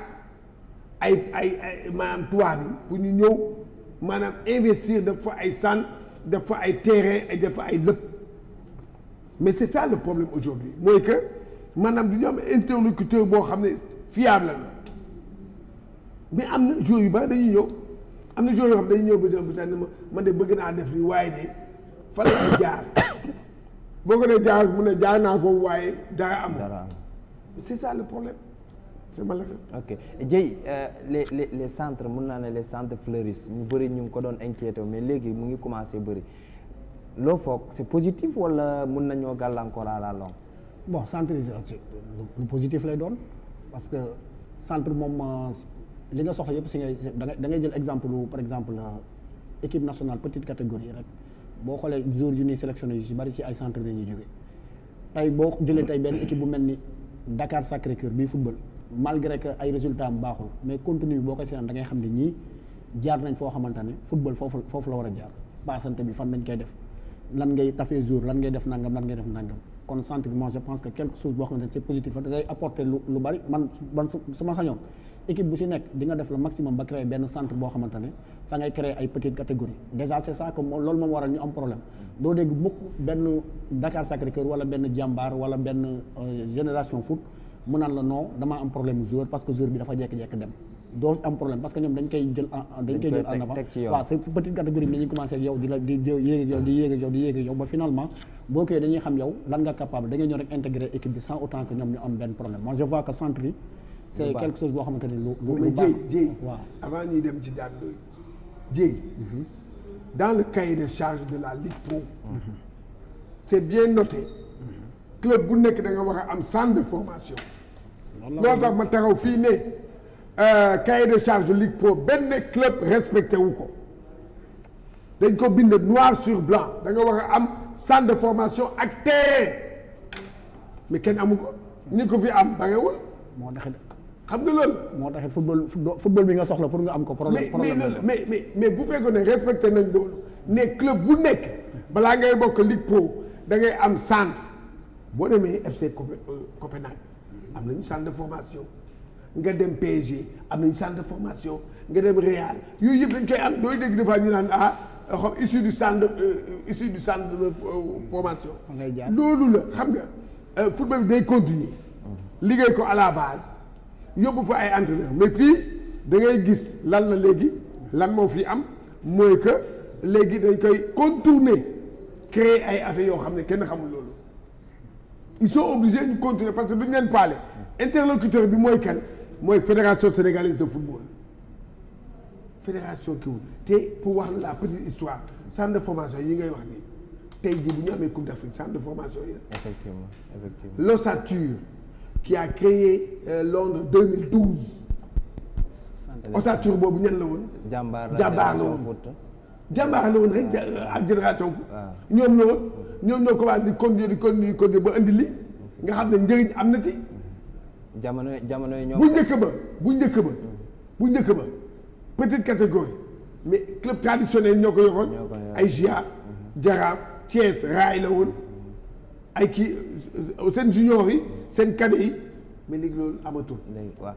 ay ay ay maanaam tubaab bi pour ñu ñëw maanaam investir dafa ay sànn dafa ay terrain dafa ay lëpp mais c'est ça le problème aujourd'hui mooy que. man am du ñu am interlocuteur boo xam ne fiable la mais am na jour yu ba dañuy ñëw am na jour yoo xam ne ñëw ba jox ba ne ma man de bëgg naa def lii waaye de fan la jaar boo ko dee jaar mu ne jaar naa ko waaye dara amul. c'est ça le problème. ok Dieye euh, les les les centres mun naa ne les centres fleurissent ñu bëri ñu ngi ko doon inquiété mais léegi mu ngi commencé bëri loo foog c'est positif wala mun nañoo gàllankoor à laa longue bon centralisation ci lu positif lay doon parce que centre moom euh, li nga soxla yëpp si ngay da ngay jël exemple par exemple euh, équipe nationale petite catégorie rek boo xoolee jour yu ñuy sélectionné yu si bari si ay centre la ñuy jóge tey boo jëlee tey benn équipe bu mel ni Dakar Sacré-Cœur bii football malgré que ay résultat am baaxul mais continue bi boo koy seetaan da ngay xam ne ñii jaar nañ foo xamante ne football foofu foofu la war a jaar paasante bi fan lañ koy def lan ngay tafee jour lan ngay def nangam lan ngay def nangam kon scientifiquement je pense que quelque chose boo xamante ne c'est positif la day apporter lu bari man su ma sañoon équipe bu si nekk di nga def le maximum ba créer benn centre boo xamante ne fa ngay créer ay petites catégories déjà c'est ça que loolu moom waral ñu am problème doo dégg mukk benn Dakar Sacré-Cœur wala benn jàmbaar wala benn euh, génération foot mu naan la non damaa am problème joueur parce que joueur bi dafa jekk-jekk dem doo am problème parce que ñoom dañ koy jël dañ koy jël en avant waaw sa petite catégorie bi dañuy commencé ak yow di la di yéeg yow di yéeg yow di yéeg yow ba finalement boo koy dañuy xam yow lan nga capable da ñëw rek intégré équipe bi sans autant que ñoom ñu am benn problème moi je vois que quelque chose boo xamante ni lu lu baax jéy dem ci daan doyu jéy mhm. dans le cahier de charge de la Ligue Pro mhm. c'est bien noté mhm. club bu nekk da nga war am centre de formation loolu Euh, cahier de charge Ligue Pro benn club respecté wu ko dañ ko bind noir sur blanc da nga war a am centre de formation ak terrain mais kenn amu ko ñi ko fi am barewul moo taxit xam nga loolu. moo taxit football football bi nga soxla pour nga am ko. problème problème mais mais mais bu fekkoon ne respecté nañ loolu ne club bu nekk balaa ngay bokk Ligue Pro da am centre boo demee FC euh, Copenhague am nañu centre de formation. nga dem PSG am nañ centre de formation nga dem Real yooyu yëpp dañ koy am dooy dégg dafa ñu naan ah xam issu du centre euh, issu du centre euh, loolu la xam nga euh, football bi day continuer. Mhm. liggéey ko à la base yóbbu fa ay entraîneur mais fii da ngay gis lan la léegi lan moo fi am mooy que léegi dañ koy contourner créer ay affaires yoo xam ne kenn xamul loolu il sont obligés ñu continuer parce que duñ leen faale mhm. interlocuteur bi mooy kan. mooy fédération sénégalaise de football fédération kiwul te pour wax la petite histoire centre de formation yi ngay wax nii tey jii bu ñu amee coupe d'Afrique centre de formation yi la. effectivement effectivement l'ossature qui a créé euh, Londres 2012. boobu ñan la woon. jàmbaar la woon jàmbaar la woon rek euh, ak génération foot ñoom la woon ñoom ñoo ko wax di conduire di conduire di conduire ba indi li nga xam ne njëriñ am na ci. jamono jamono yi ñoom bu njëkk ba bu njëkk ba. bu njëkk ba petite catégorie mais club traditionnel ñoo ko yoroon. ay GIA. Mhm. Jaraaf Thiès raay la woon ay kii seen junior yi seen cadet yi mais léegi loolu amatul.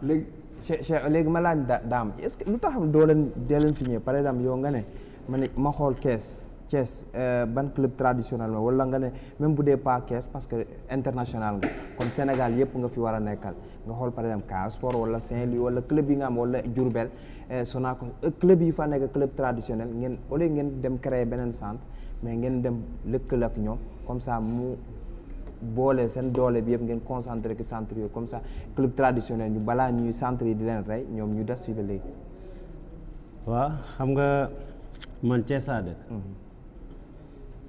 léegi waaw léegi ma laaj daam est-ce que lu tax doo leen dee leen par exemple yow nga ne ma ne ma xool kees. Thiès euh, ban club traditionnel ma wala nga ne même bu dee pas Thiès parce que international nga kon Sénégal yëpp nga fi war a nekkal nga xool par exemple Casa Sport wala Saint-Louis wala club yi nga am wala Diourbel euh, Sonacos euh, club yi fa nekk club traditionnel ngeen au ngeen dem créer beneen centre mais ngeen dem lëkkale ak ñoom comme ça mu boole seen doole bi yëpp ngeen concentré ci centre yooyu comme ça club traditionnel ñu balaa ñuy centre yi di leen rey ñoom ñu des fi ba xam nga man Thiès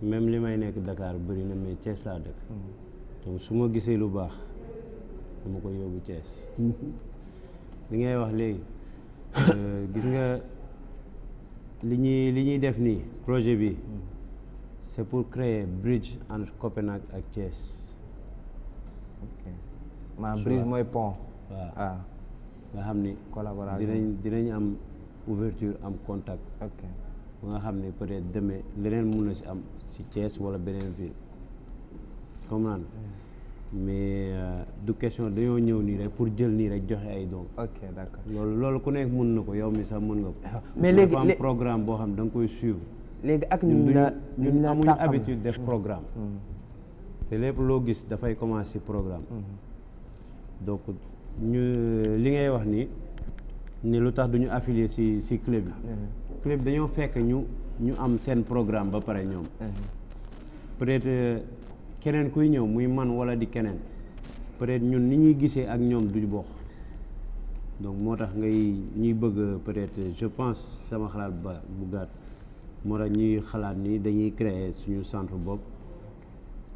même li may nekk Dakar bëri na mais Thiès laa dëkk donc su ma gisee lu baax dama ko yóbbu Thiès li ngay wax léegi euh, gis nga li ñuy li ñuy def nii projet bi c'est pour créer bridge entre Copenhague ak Thiès ok ma bridge mooy pont waaw ah. nga xam ni collaboration dinañ dinañ am ouverture am contact ok nga xam ne peut-être demee leneen mun na si am si Thiès wala beneen ville comprendre mais euh, du question dañoo ñëw nii rek pour jël nii rek joxe ay doom. ok d'accord loolu loolu ku nekk mën na ko yow mi sax mën nga ko. Ah, mais léegi am programme boo xam da koy suivre. léegi ak ñu la ñu la amuñu habitude def programme. Hmm. te lépp loo gis dafay commencer programme. Hmm. donc ñu li ngay wax ni ni lu tax du ñu si ci ci club yi. Hmm. club dañoo fekk ñu. ñu am seen programme ba pare ñoom peut-être euh, keneen kuy ñëw muy man wala di keneen peut-être ñun ni ñuy gisee ak ñoom duñ bokk donc moo tax ngay ñuy bëgg peut-être je pense sama xalaat ba bu gàtt moo tax ñuy xalaat nii dañuy créer suñu centre bopp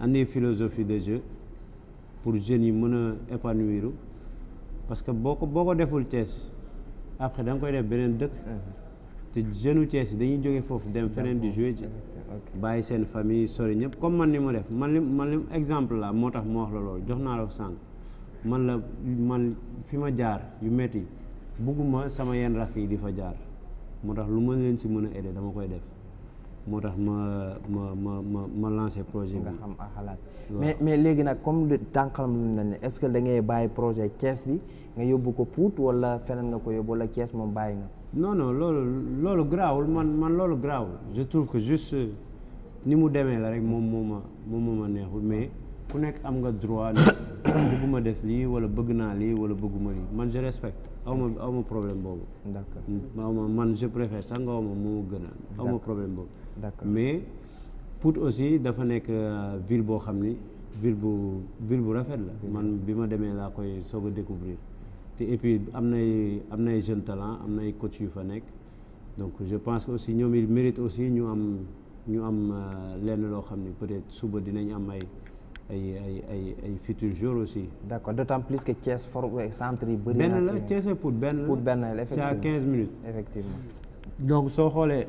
andi philosophie de jeu pour jeunes yi mën a épanouir parce que boo ko boo ko deful Thiès après da nga koy def beneen dëkk te jeune Thiès yi dañuy jóge foofu dem feneen di jouer bàyyi seen famille sori ñëpp comme man ni ma def man li man li exemple la moo tax ma wax la loolu jox naa la sànq man la man fi ma jaar yu metti bugguma sama yenn rakk yi di fa jaar moo tax lu ma leen si mën a aider dama koy def moo tax ma ma ma ma ma lancé projet bi. nga xam xalaat mais mais léegi nag comme tànqalam nañ ne est-ce que da ngay bàyyi projet Thiès bi nga yóbbu ko Pout wala feneen nga ko yóbbu wala Thiès moom bàyyi nga. non non loolu loolu garaawul man man loolu garaawul je trouve que juste ni mu demee la rek moom moo ma moom ma neexul mais ku nekk am nga droit ne bëgguma def lii wala bëgg naa lii wala bëgguma lii man je respecte aw ma aw ma problème boobu. d'accord mm, aw ma man je préfère sax nga aw ma moo gën a. aw ma problème boobu. d'accord mais Pout aussi dafa nekk euh, ville boo xam ni ville bu ville bu rafet la. man bi ma demee laa koy soog a découvrir te et puis am na am nay jeunes talents am nay coach yu fa nekk donc je pense que aussi ñoom il mérite aussi ñu am ñu am euh, lenn loo xam ni peut-être suba dinañ am ay ay ay ay ay futurs jours aussi. d'accord d'autant plus que Thiès forme centre yi bëri benn la Thiès pour benn pour benn c'est à 15 minutes. effectivement donc soo xoolee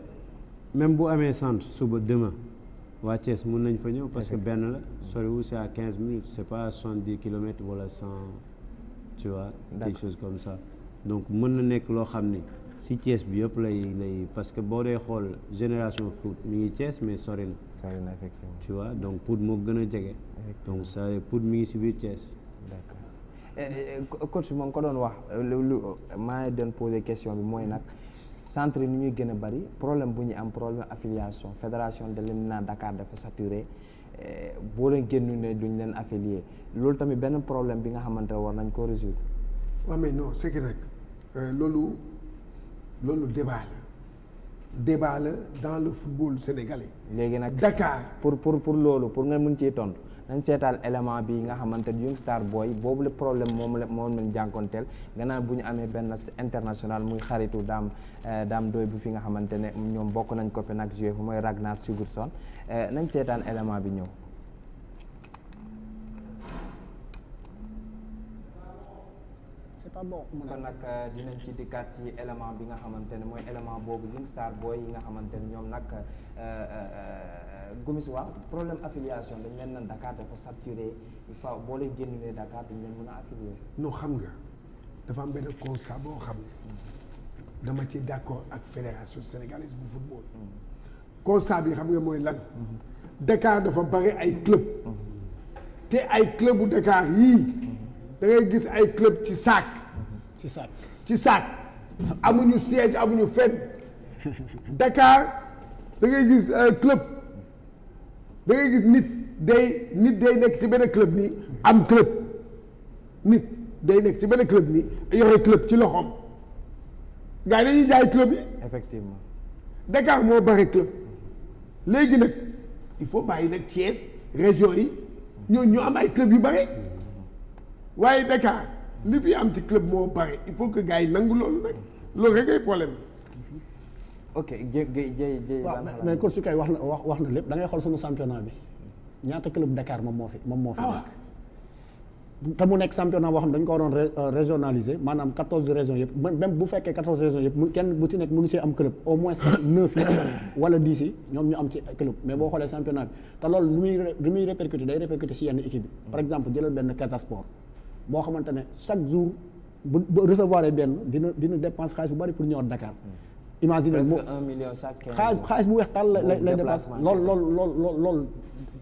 même bu amee centre suba demain waa Thiès mun nañ fa ñëw. parce que benn la soriwul c'est à 15 minutes c'est pas 70 kilomètres wala cent tu vois des choses comme donc mën na nekk loo xam ne si Thiès bi yëpp lay lay parce que boo dee xool génération foot mi ngi Thiès mais sori na na effectivement tu vois donc Pout moo gën a jege donc ça Pout mi ngi si biir Thiès d'accord eh, eh, coach moom ko doon wax lu maa ngi doon posé question bi mooy nag centre yi ni ñuy gën a bari problème bu ñu am problème affiliation fédération de l'EMINA Dakar dafa saturé Eh, boo leen génnu ne duñ leen affilier loolu tamit benn problème bi nga xamante war nañ ko résoudre. waaw mais non c'est que euh, loolu loolu débat la débat la dans le football sénégalais. léegi nag Dakar pour pour pour loolu pour nga mun ciy tontu nañ seetaan élément bi nga xamante ni Young Star Boy boobu le problème moom la moom lañ jànkoonteel gannaaw bu ñu amee benn international muy xaritu daam euh, daam doy bu fi nga xamante ne ñoom bokk nañ Copenhague joué fu mooy Ragnar son Eh, nañ seetaan élément bi ñëw kon nag euh, dinañ ci dikkaat ci élément bi nga xamante ne mooy élément boobu Young Star Boy yi nga xamante ne ñoom nag euh, euh, Gomis waaw problème affiliation dañ leen naan Dakar dafa saturé il faut boo leen génnee Dakar dañ leen mën a affilier non xam nga dafa am benn constat boo xam ne dama ci d'accord ak fédération sénégalaise bu football mm. constat bi xam nga mooy lan Dakar dafa bari ay club te ay bu Dakar yii da ngay gis ay club ci saak ci saak ci saak amuñu siège amuñu fenn Dakar da ngay gis euh, club da ngay gis nit day nit day nekk ci benn club nii am club nit day nekk ci benn club nii yore club ci loxoom gars yi dañuy jaay club yi effectivement Dakar moo bari club léegi nag il faut bàyyi nag Thiès région yi ñoo ñoo am ay club yu bari waaye Dakar li fi am ci club moo bare il faut que gars yi nangu loolu nag loolu rek ay problème ok jë jë waaw mais kon su kay wax na wax na lépp da ngay xool sunu championnat bi ñaata club Dakar moom moo fi moom moo fi. Ah, te mu nekk championnat boo xam dañ ko waroon euh, régionaliser maanaam quatorze régions yëpp bu fekkee quatorze régions yëpp mu kenn bu ci nekk mënu cee am club au moins neuf yi wala dix yi ñoom ñu am ci club mais boo xoolee championnat bi te loolu lu muy lu muy répercuté day répercuté si yenn équipe bi par exemple jëlal benn Casa boo xamante ne chaque jour bu recevoir benn dina dina dépense xaalis bu bari pour ñëw Dakar imaginer xaalis bu weex tàll lay lay dépasse lool lool lool lool lool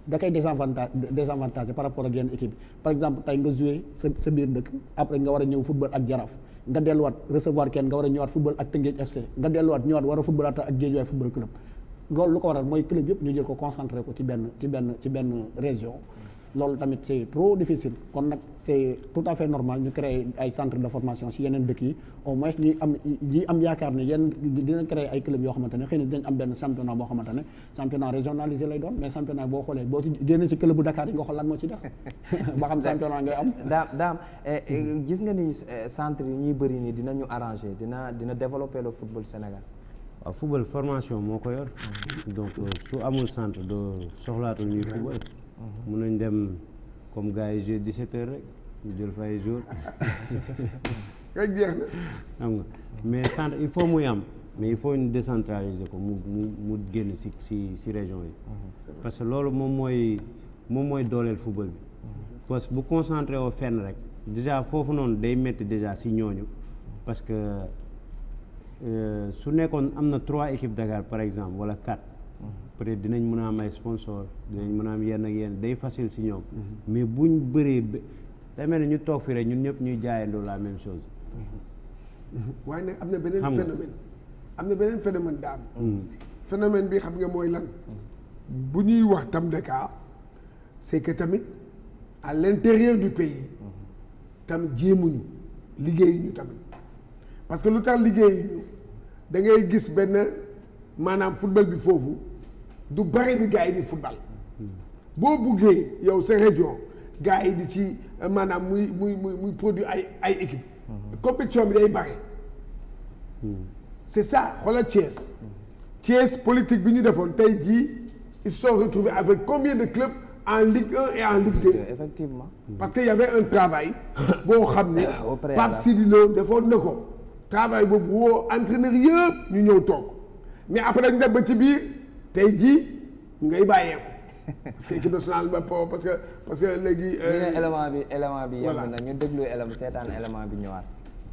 da koy désavantage désavantage par rapport ak yenn équipe par exemple tey nga joué sa sa biir dëkk après nga war a ñëw football ak jaraaf nga delluwaat recevoir kenn nga war a ñëwaat football ak Tëngéej FC nga delluwaat ñëwaat war a football ak Guédiawaye football club loolu lu ko waral mooy club yëpp ñu jël ko concentré ko ci benn ci benn ci benn région loolu tamit c' est trop difficile kon nag c' est tout à fait normal ñu créer ay centre de formation si yeneen dëkk yi au moins ñuy am ñi am yaakaar ne yenn dina créer ay club yoo xamante ne xëy na dinañ am benn championnat boo xamante ne championnat régionalisé lay doon mais championnat boo xoolee boo ci génne si club bu Dakar yi nga xool lan moo ci def am daam daam eh, eh, gis nga ni eh, centre yi ñuy bëri ni dinañu arranger dina dina développer le football Sénégal waaw football formation moo ko yor mm. donc euh, su amul centre doo soxlaatul ñuy football mun nañ dem comme gars yi joué 17 heures rek ñu jël fa ay jour rek jeex na xam nga mais centre il faut muy am mais il faut ñu décentraliser ko mu mu génn si si si région yi parce que loolu moom mooy moom mooy dooleel football bi parce bu concentré woo fenn rek déjà foofu noonu day métti déjà si ñooñu parce que euh, su nekkoon am na trois équipes Dakar par exemple wala quat peut être dinañ mën a am ay sponsor dinañ mën a am yenn ak yenn day facile si ñoom. Mhm. mais buñ bëree ba day ñu toog fii rek ñun ñëpp ñuy jaayandoo la même chose. Mhm. waaye nag am na beneen phénomène am na beneen phénomène daam mhm. phénomène bi xam nga mooy lan bu ñuy wax tam de cas c'est que tamit à l'intérieur du pays tam jéemuñu liggéeyuñu tamit parce que lu tax liggéeyuñu da ngay gis benn maanaam football bi foofu du bëri bi gars yi di football boo buggee yow sa région gars yi di ci euh, maanaam muy muy muy muy produit ay ay équipe mm-hmm. compétition bi day bëri mm-hmm. c'est ça xoolal Thiès Thiès politique bi ñu defoon tey jii ils se sont retrouvés avec combien de clubs en Ligue 1 et en Ligue 2 effectivement parce que y un travail boo xam ne Pape Sidi Lo defoon ne ko travail boobu woo entraîneur yëpp ñu ñëw toog mais après ñu ba ci biir tey jii ngay bàyyeeku. parce que équipe nationale euh, bi élément bi na ñu déglu élément seetaan élément bi ñëwaat.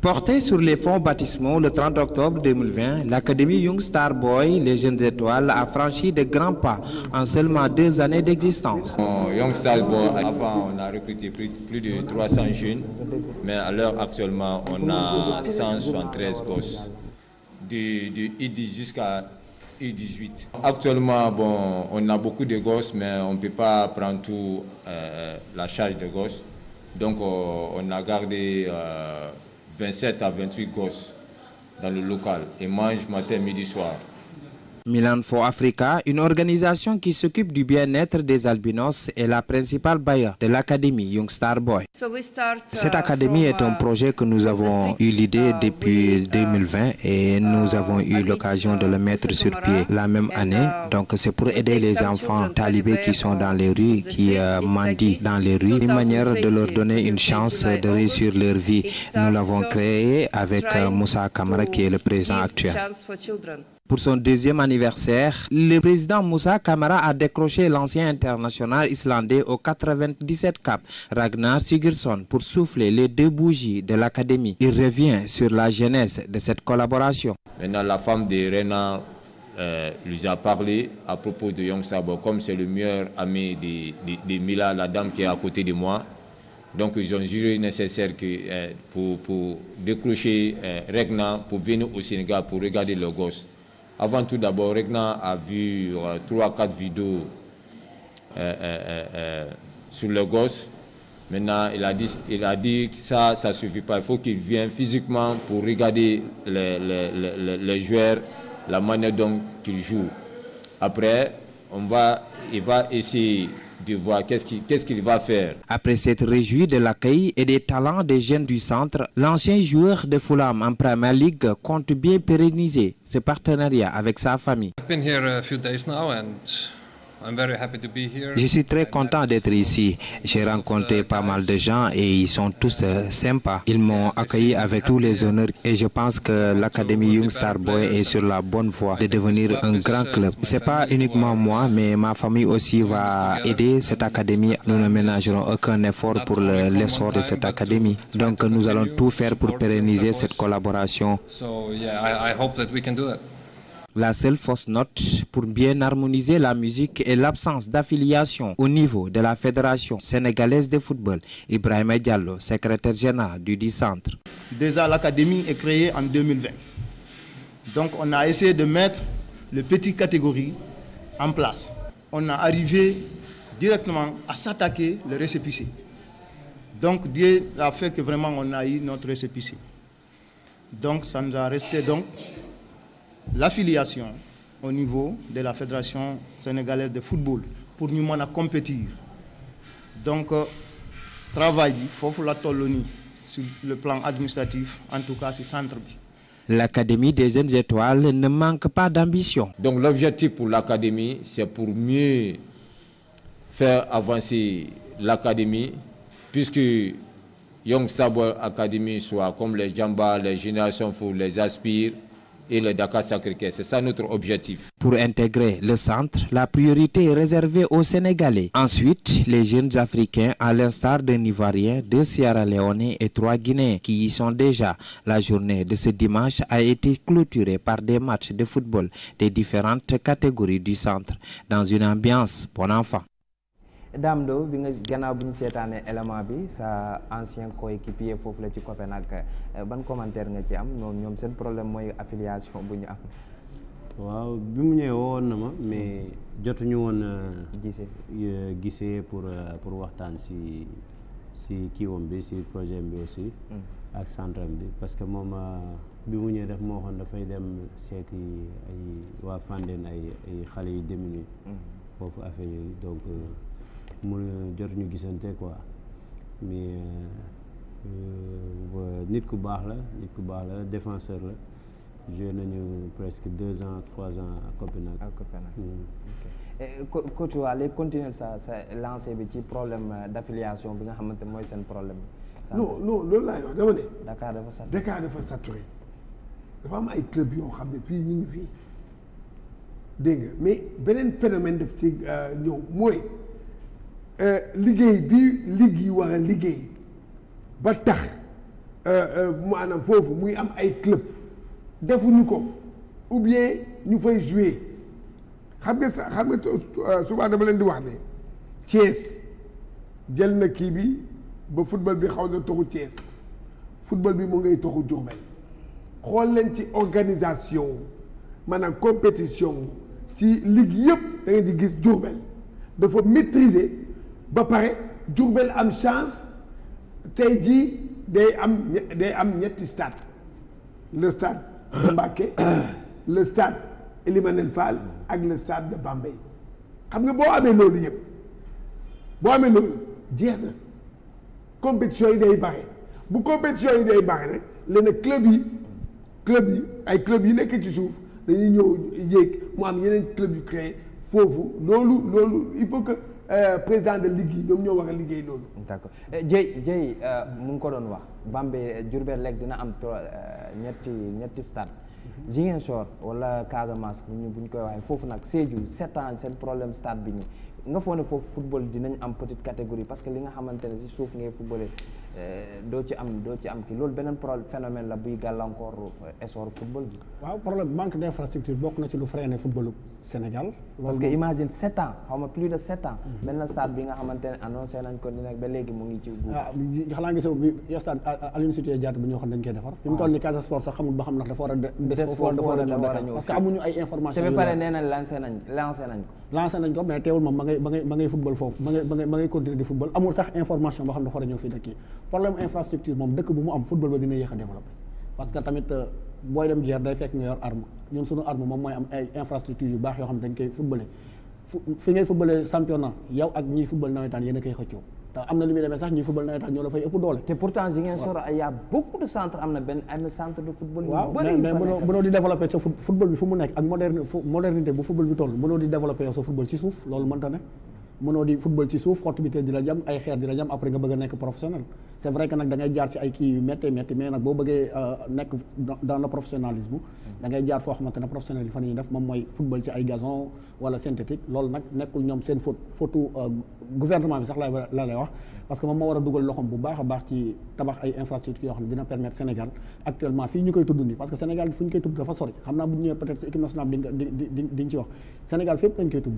Porté sur les fonds baptismaux le 30 octobre 2020, l'Académie Young Star Boy, les Jeunes Étoiles, a franchi de grands pas en seulement deux années d'existence. Young Star Boy, avant on a recruté plus, plus de 300 jeunes, mais à l'heure actuellement on a 173 gosses, du, du jusqu'à U18. Actuellement, bon, on a beaucoup de mais on ne pas prendre tout euh, de gosses. Donc, euh, on a gardé euh, 27 à le local. Et mange matin, Milan for Africa, une organisation qui s'occupe du bien-être des albinos, est la principale bailleur de l'académie Young Star Boy. Uh, Cette académie est un uh, projet que nous avons eu l'idée depuis 2020 uh, et nous avons eu l'occasion de le mettre sur pied la même année. Donc c'est pour aider les enfants talibés qui sont euh, dans les rues, qui euh, mendient dans les rues, une manière de leur donner une chance de réussir leur vie. Nous l'avons créé avec euh, Moussa Kamara qui est le président Pour son deuxième anniversaire, le président Moussa Kamara a décroché l'ancien international islandais au 97 cap Ragnar Sigurdsson pour souffler les deux bougies de l'académie. Il revient sur la genèse de cette collaboration. Maintenant, la femme de Renan euh, lui a parlé à propos de Young Sabo. Comme le meilleur ami de, de, de, la dame qui est à donc ils ont juré nécessaire que, euh, pour, pour, décrocher euh, Ragnar pour venir pour regarder Avant tout d'abord, Regna a vu euh, trois, quatre vidéos euh, euh, sur le gosse. Maintenant, il a dit, il a dit que ça, ça suffit pas. Il faut qu'il vienne physiquement pour regarder les, les, les, les joueurs, la manière dont qu'ils jouent. Après, on va, il va essayer tu vois qu'est-ce qu'il qu qu va Après s'être réjoui de l'accueil et des talents des jeunes du centre, l'ancien joueur de Fulham en Premier League compte bien pérenniser ce partenariat avec sa famille. Je suis très content d'être ici. J'ai rencontré pas mal de gens et ils sont tous euh, sympas. Ils m'ont accueilli avec tous les honneurs et je pense que l'Académie Young Star Boy est sur la bonne voie de devenir un grand club. C'est pas uniquement moi, mais ma famille aussi va aider cette académie. Nous ne ménagerons aucun effort pour l'essor de cette académie. Donc nous allons tout faire pour pérenniser cette collaboration. La seule fausse note pour bien harmoniser la musique est l'absence d'affiliation au niveau de la Fédération sénégalaise de football. Ibrahim Diallo, secrétaire général du 10 Centre. Déjà, l'académie est créée en 2020. Donc, on a essayé de mettre les petites catégories en place. On a arrivé directement à s'attaquer le récépissé. Donc, Dieu a fait que vraiment on a eu notre récépissé. Donc, ça nous a resté donc l'affiliation au niveau de la Fédération sénégalaise de football pour ñu mën a compétir donc euh, travail foofu la toll nii sur le plan administratif en tout cas ci centre bi. L'Académie des jeunes étoiles ne manque pas d'ambition. Donc l'objectif pour l'Académie, c'est pour mieux faire avancer l'Académie, puisque Young Sabre Academy soit comme les Jamba, les Générations Foot, les Aspire, et le Dakar Sacré-Cœur. C'est ça notre objectif. Pour intégrer le centre, la priorité est réservée aux Sénégalais. Ensuite, les jeunes Africains, à l'instar d'un Ivoirien, deux Sierra Leone et trois Guinéens qui y sont déjà. La journée de ce dimanche a été clôturée par des matchs de football des différentes catégories du centre, dans une ambiance pour enfants. Dame do bi nga gannaaw bi ñu seetaanee élément bi sa ancien coéquipier foofu la ci Copenhague euh, ban commentaire nga ci am ñoom ñoom seen problème mooy affiliation bu ñu am. waaw bi mu ñëwee woon na ma mais jotuñu woon. Euh, gisee euh, gisee pour pour waxtaan si si kiiwam bi si projet bi aussi. Mm. ak centre bi parce que moom a bi mu ñëwee daf moo waxoon dafay dem seeti ay waa Fandène ay ay xale yu démunis. Mm. foofu affaire yi donc. mën jotuñu gisante quoi mais euh, euh, nit ku baax la nit ku baax la defenseur la joué nañu presque deux ans trois ans à Copenhague. à Copenhague mm. ok euh, coach waa léegi continuer sa sa lancé bi ci problème d'affiliation bi nga xamante mooy seen problème. non non loolu laay wax dama ne. Dakar dafa saturé Dakar dafa saturé dafa am ay club yoo xam ne fii ñu fii dégg mais beneen phénomène def ci ñëw mooy. Euh, liggéey bi liggéey yi a liggéey ba tax mu euh, euh, maanaam foofu muy am ay club defuñu ko ou bien ñu fay jouer xam nga sa xam nga souvent dama leen di wax ne Thiès jël na kii bi ba football bi xaw nga toxu Thiès football bi mu ngay toxu Diourbel xool leen ci organisation maanaam compétition ci ligue yëpp da ngeen di gis Diourbel dafa maîtriser ba pare Diourbel am chance tey jii day am day am ñetti stade le stade de Mbacké le stade Elimanel Fall ak le stade de Bambey xam nga boo amee loolu yëpp boo amee loolu jeex na compétition yi day bare bu compétition yi day bare nag léegi club yi club yi ay club yi nekk ci suuf dañuy ñëw yéeg mu am yeneen club yu créé foofu loolu loolu il faut que Euh, président de ligue yi ñoom ñoo war a liggéey loolu. d'accord euh, Dieye Dieye euh, mu ngi ko doon wax Bambey Diourbel léegi dina am trois ñetti ñetti stade. Mhm. Ziguinchor wala Casamance bu ñu bu ñu koy waxee foofu nag Sédhiou sept ans seen problème stade bi nii nga foog ne foofu football dinañ am petite catégorie parce que li nga xamante ne si suuf ngay footballé Eh, doo ci am doo ci am ki loolu beneen problème phénomène la buy gàllankoor essor eh, football bi. waaw problème manque d'infrastructure bokk na ci lu freiné footballu Sénégal. parce que imagine sept na mm-hmm. stade bi nga xamante ne nañ ko ni nag ba léegi mu ngi ci. ah xanaa ngi sew bi stade Aline Sitoé Diatta bi ñoo xam dañ koy defar. fi mu ah. toll nii Sport sax xamul ba xam ndax dafa war a. des foofu dafa war a ñëw parce que amuñu ay information. te ba pare lancé nañ ko mais teewul moom ma ngay ma ngay ma ngay football foofu ma ngay ma ngay ma ngay continuer di football amul sax information boo xam ne dafa a ñëw fii dëkk yi problème infrastructure moom dëkk bu mu am football ba dina yéex a développé tamit euh, booy dem guerre day fekk nga yor arme ñun suñu arme moom mooy am ay infrastructure yu baax yoo xam ne dañ koy footballé fi ngay footballé championnat yow ak ñii football nawetaan yéen a koy xëccoo ndax am na lu muy demee sax ñi football nawetaan ñoo la fay ëpp doole. te pourtant Ziguinchor y a beaucoup de centres am na benn am centre de football. bi fu mu nekk ak modernité bu football bi toll mënoo di développer sa football ci suuf loolu mënta ne. mënoo di football ci suuf xott bi te di jam ay xeer di jam après nga bëgg a nekk professionnel c'est vrai que nag da jaar ci ay kii yu métti métti nag boo bëggee euh, nekk dans le professionnalisme mm. da ngay xamante ne professionnel yi fa ñuy def wala synthétique loolu nag nekkul ñoom seen faute faute euh, gouvernement bi sax la la lay wax parce que moom moo war a dugal loxoom bu baax a baax ci tabax ay infrastructure yoo xam ne dina permettre Sénégal actuellement fii ñu koy tudd nii parce que Sénégal fu ñu koy tudd dafa sori xam naa bu ñu ñëwee peut-être si équipe nationale bi di di di nga ci wax Sénégal fépp lañ koy tudd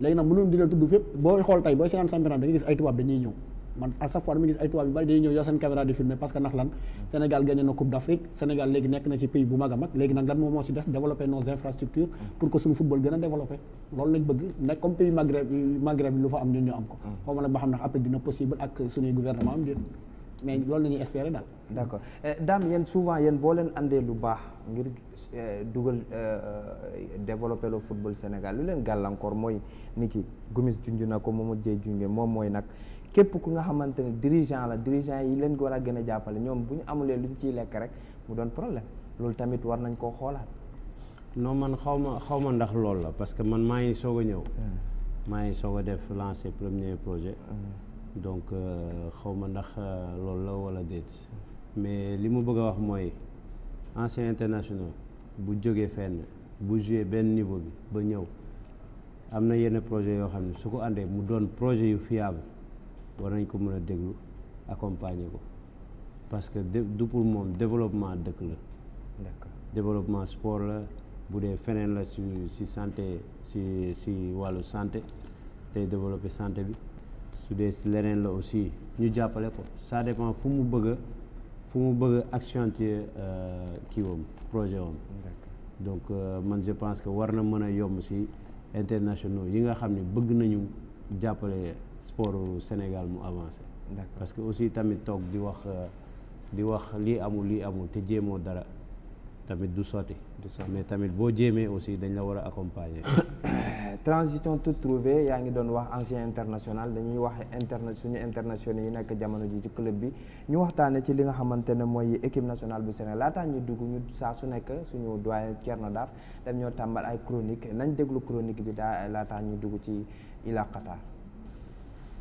léegi nag mënoon dina tudd fépp booy xool tey booy seetaan championnat bi nga gis man à sa fois dama gis ay tubaab yu bari dañuy ñëw yor seen caméra di filmer parce que ndax lan Sénégal gagné na Coupe d'Afrique Sénégal léegi nekk na ci pays bu mag a mag léegi nag lan moom moo ci des développer nos infrastructures pour que suñu football gën a développer loolu lañ bëgg nekk comme pays Maghreb lu fa am ñun ñu am ko hmm. xaw ma nag ba xam ndax après dina possible ak suñuy gouvernement am déet mais loolu la ñuy espérer daal d'accord eh, Dame souvent yéen boo lu baax ngir eh, dugal eh, développer le football Sénégal lu leen gàllankoor mooy ni ki Gomis junj na ko Mamadou Dieye junj moom mooy nag képp ku nga xamante ne dirigeant la dirigeant yi leen war a gën a jàppale ñoom bu ñu amulee lu ñu ci lekk rek mu doon problème loolu tamit war nañ koo xoolaat. non man xaw ma xaw ma ndax loolu la parce que man maa ngi soog a ñëw. Hmm. maa ngi soog a def lancé premier projet. Hmm. donc euh, xaw ma ndax euh, loolu la wala déet. mais li mu bëgg a wax mooy ancien international bu jógee fenn bu joué benn niveau bi ba ñëw am na yenn projet yoo xam ne su ko àndee mu doon projet yu fiable. war nañ ko mën a déglu accompagner ko parce que du pour moom développement dëkk la. développement sport la bu dee feneen la si si santé si si wàllu santé te développer santé bi su dee si leneen la aussi ñu jàppale ko ça dépend fu mu bëgg fu mu bëgg a accentuer euh, kii woom projet woom. donc euh, man je pense que war na mën a yomb si internationaux yi nga xam ni bëgg nañu jàppale. sportu Sénégal mu avancé. parce que aussi tamit toog di wax di wax lii amul lii amul te jéemoo dara tamit du sotti. mais tamit boo jéemee aussi dañ la war a accompagner. transition tout trouvé yaa ngi doon wax ancien international dañuy wax interna suñu internationaux yi nekk jamono ji ci club bi ñu waxtaanee ci li nga xamante ne mooy équipe nationale bu Sénégal laataa ñu dugg ñu saa su nekk suñu doyen Thierno Dar dem ñoo tàmbal ay chronique nañ déglu chronique bi daa laataa ñu dugg ci Ila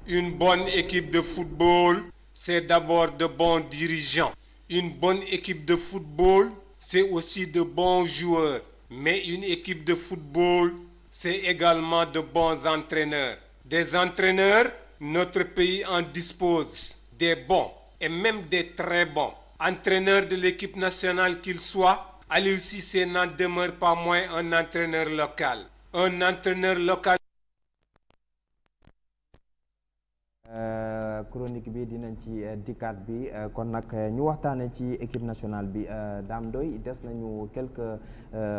Une bonne équipe de football, c'est d'abord de bons dirigeants. Une bonne équipe de football, c'est aussi de bons joueurs. Mais une équipe de football, c'est également de bons entraîneurs. Des entraîneurs, notre pays en dispose, des bons et même des très bons. Entraîneur de l'équipe nationale qu'il soit, Aliou Cissé n'en demeure pas moins un entraîneur local. Un entraîneur local Euh, chronique bi dinañ ci euh, dikkaat bi euh, kon nag ñu waxtaanee ci équipe nationale bi Dame Ndoye des nañu quelque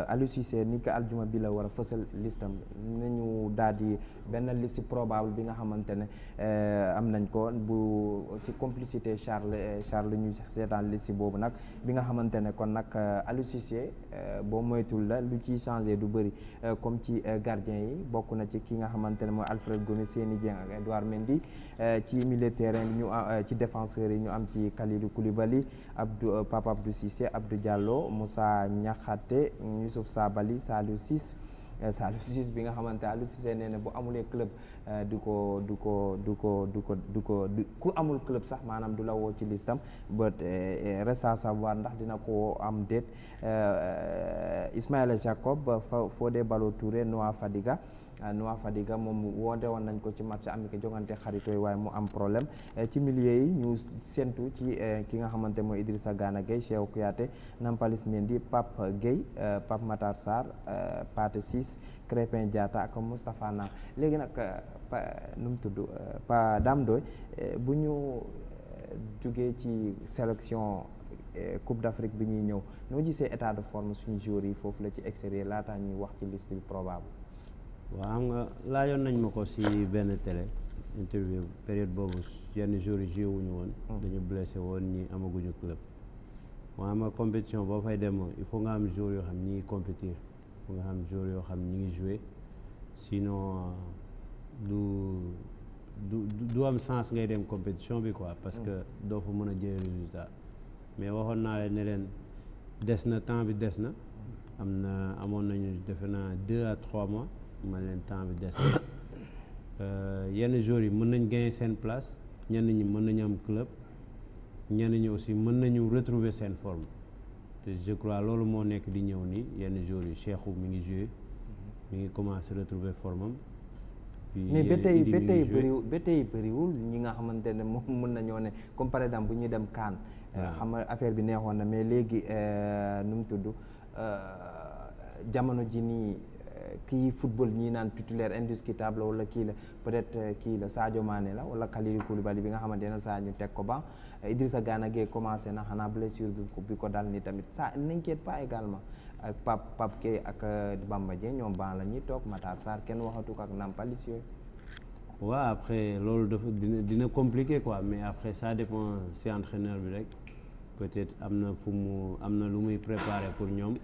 Aliou Cissé ni aljuma bi la war a fësal listam nañu daal benn liste probable bi nga xamante ne euh, am nañ ko bu ci complicité Charles euh, Charles ñu seetaan liste boobu nag bi nga xamante ne kon nag euh, Aliou Cissé boo moytul la lu ciy changé du bëri comme ci gardien yi bokk na ci ki nga xamante ne mooy Alfred Gomis Seny Dieng ak Edouard Mendy ci milieu terrain bi ñu ci défenseurs yi ñu am ci Kalidou Koulibaly Abdou Papa Abdou Cissé Abdou Diallo Moussa Niakhaté Youssouf Sabaly Saliou Ciss sa euh, Ciss bi nga xamante Aliou Cissé nee bu amulee club euh, du ko du ko du ko du ko du ko ku amul club sax maanaam du la woo ci listam but euh, reste à savoir ndax dina ko am déet Ismaïla Jacob Fodé Ballo-Touré Noah Fadiga Euh, Noah Fadiga moom woote woon nañ ko ci match amika jongante xaritooy waaye mu am problème euh, ci milieu yi ñu sentu ci euh, ki nga xamante mooy Idrissa Gana Gueye Cheikhou Kouyaté Nampalys Mendy Pape Gueye Pape Matar Sarr Pathé Ciss Crépin Diatta ak Moustapha Nam léegi nag pa nu mu tudd pa Dame Ndoye bu ñu jugee ci sélection Coupe d'Afrique bi ñuy ñëw noo gisee état de forme suñu joueurs yi foofu la ci extérieur laataa ñuy wax ci liste bi probable waa xam nga laajoon nañ ma ko si benn télé interview période boobu yenn jours yi joué wuñu woon hmm. dañu blessé woon ñi amaguñu club waa ma compétition boo fay dem il faut nga am jour yoo xam ñi ngi compétir il faut nga am jour yoo xam ñi ngi joué sinon du du du am sens ngay dem compétition bi quoi parce que hmm. doo fa mën a jëlee résultat mais waxoon naa leen ne leen des na temps bi des na hmm. am na amoon nañu defe naa deux à trois mois man leen temps bi des euh, yenn joueurs yi mën nañ gagner seen place ñenn ñi mën nañu am club ñenn ñi aussi mën nañu retrouver seen forme te je crois loolu moo nekk di ñëw nii yenn joueurs yi Cheikhou mi ngi joue mu ngi commencé retrouver forme am mais ba tey ba tey bëriwul ba tey bëriwul ñi nga xamante ne moom mën nañoo ne comme par exemple bu ñuy dem kaan euh, xam nga affaire bi neexoon na mais léegi euh, nu mu tudd jamono ji nii kii football ñii naan titulaire indiscutable wala kii la peut-être euh, kii la Sadio la wala Kalidou Koulibaly bi nga xamante ne saa ñu teg ko ba euh, Idrissa Gana Gueye commencé na xanaa blessure bi ko bi ko dal ni tamit ça n'inquiète pas également ak Pape Pape Gueye ak euh, Bamba Dieng ñoom ban la ñuy toog Matar Sarr kenn waxatu ko ak Nampalys yooyu. waaw après loolu dafa dina dina compliqué ko mais après ça dépend si entraîneur bi rek peut-être am na fu mu am na lu muy préparé pour ñoom.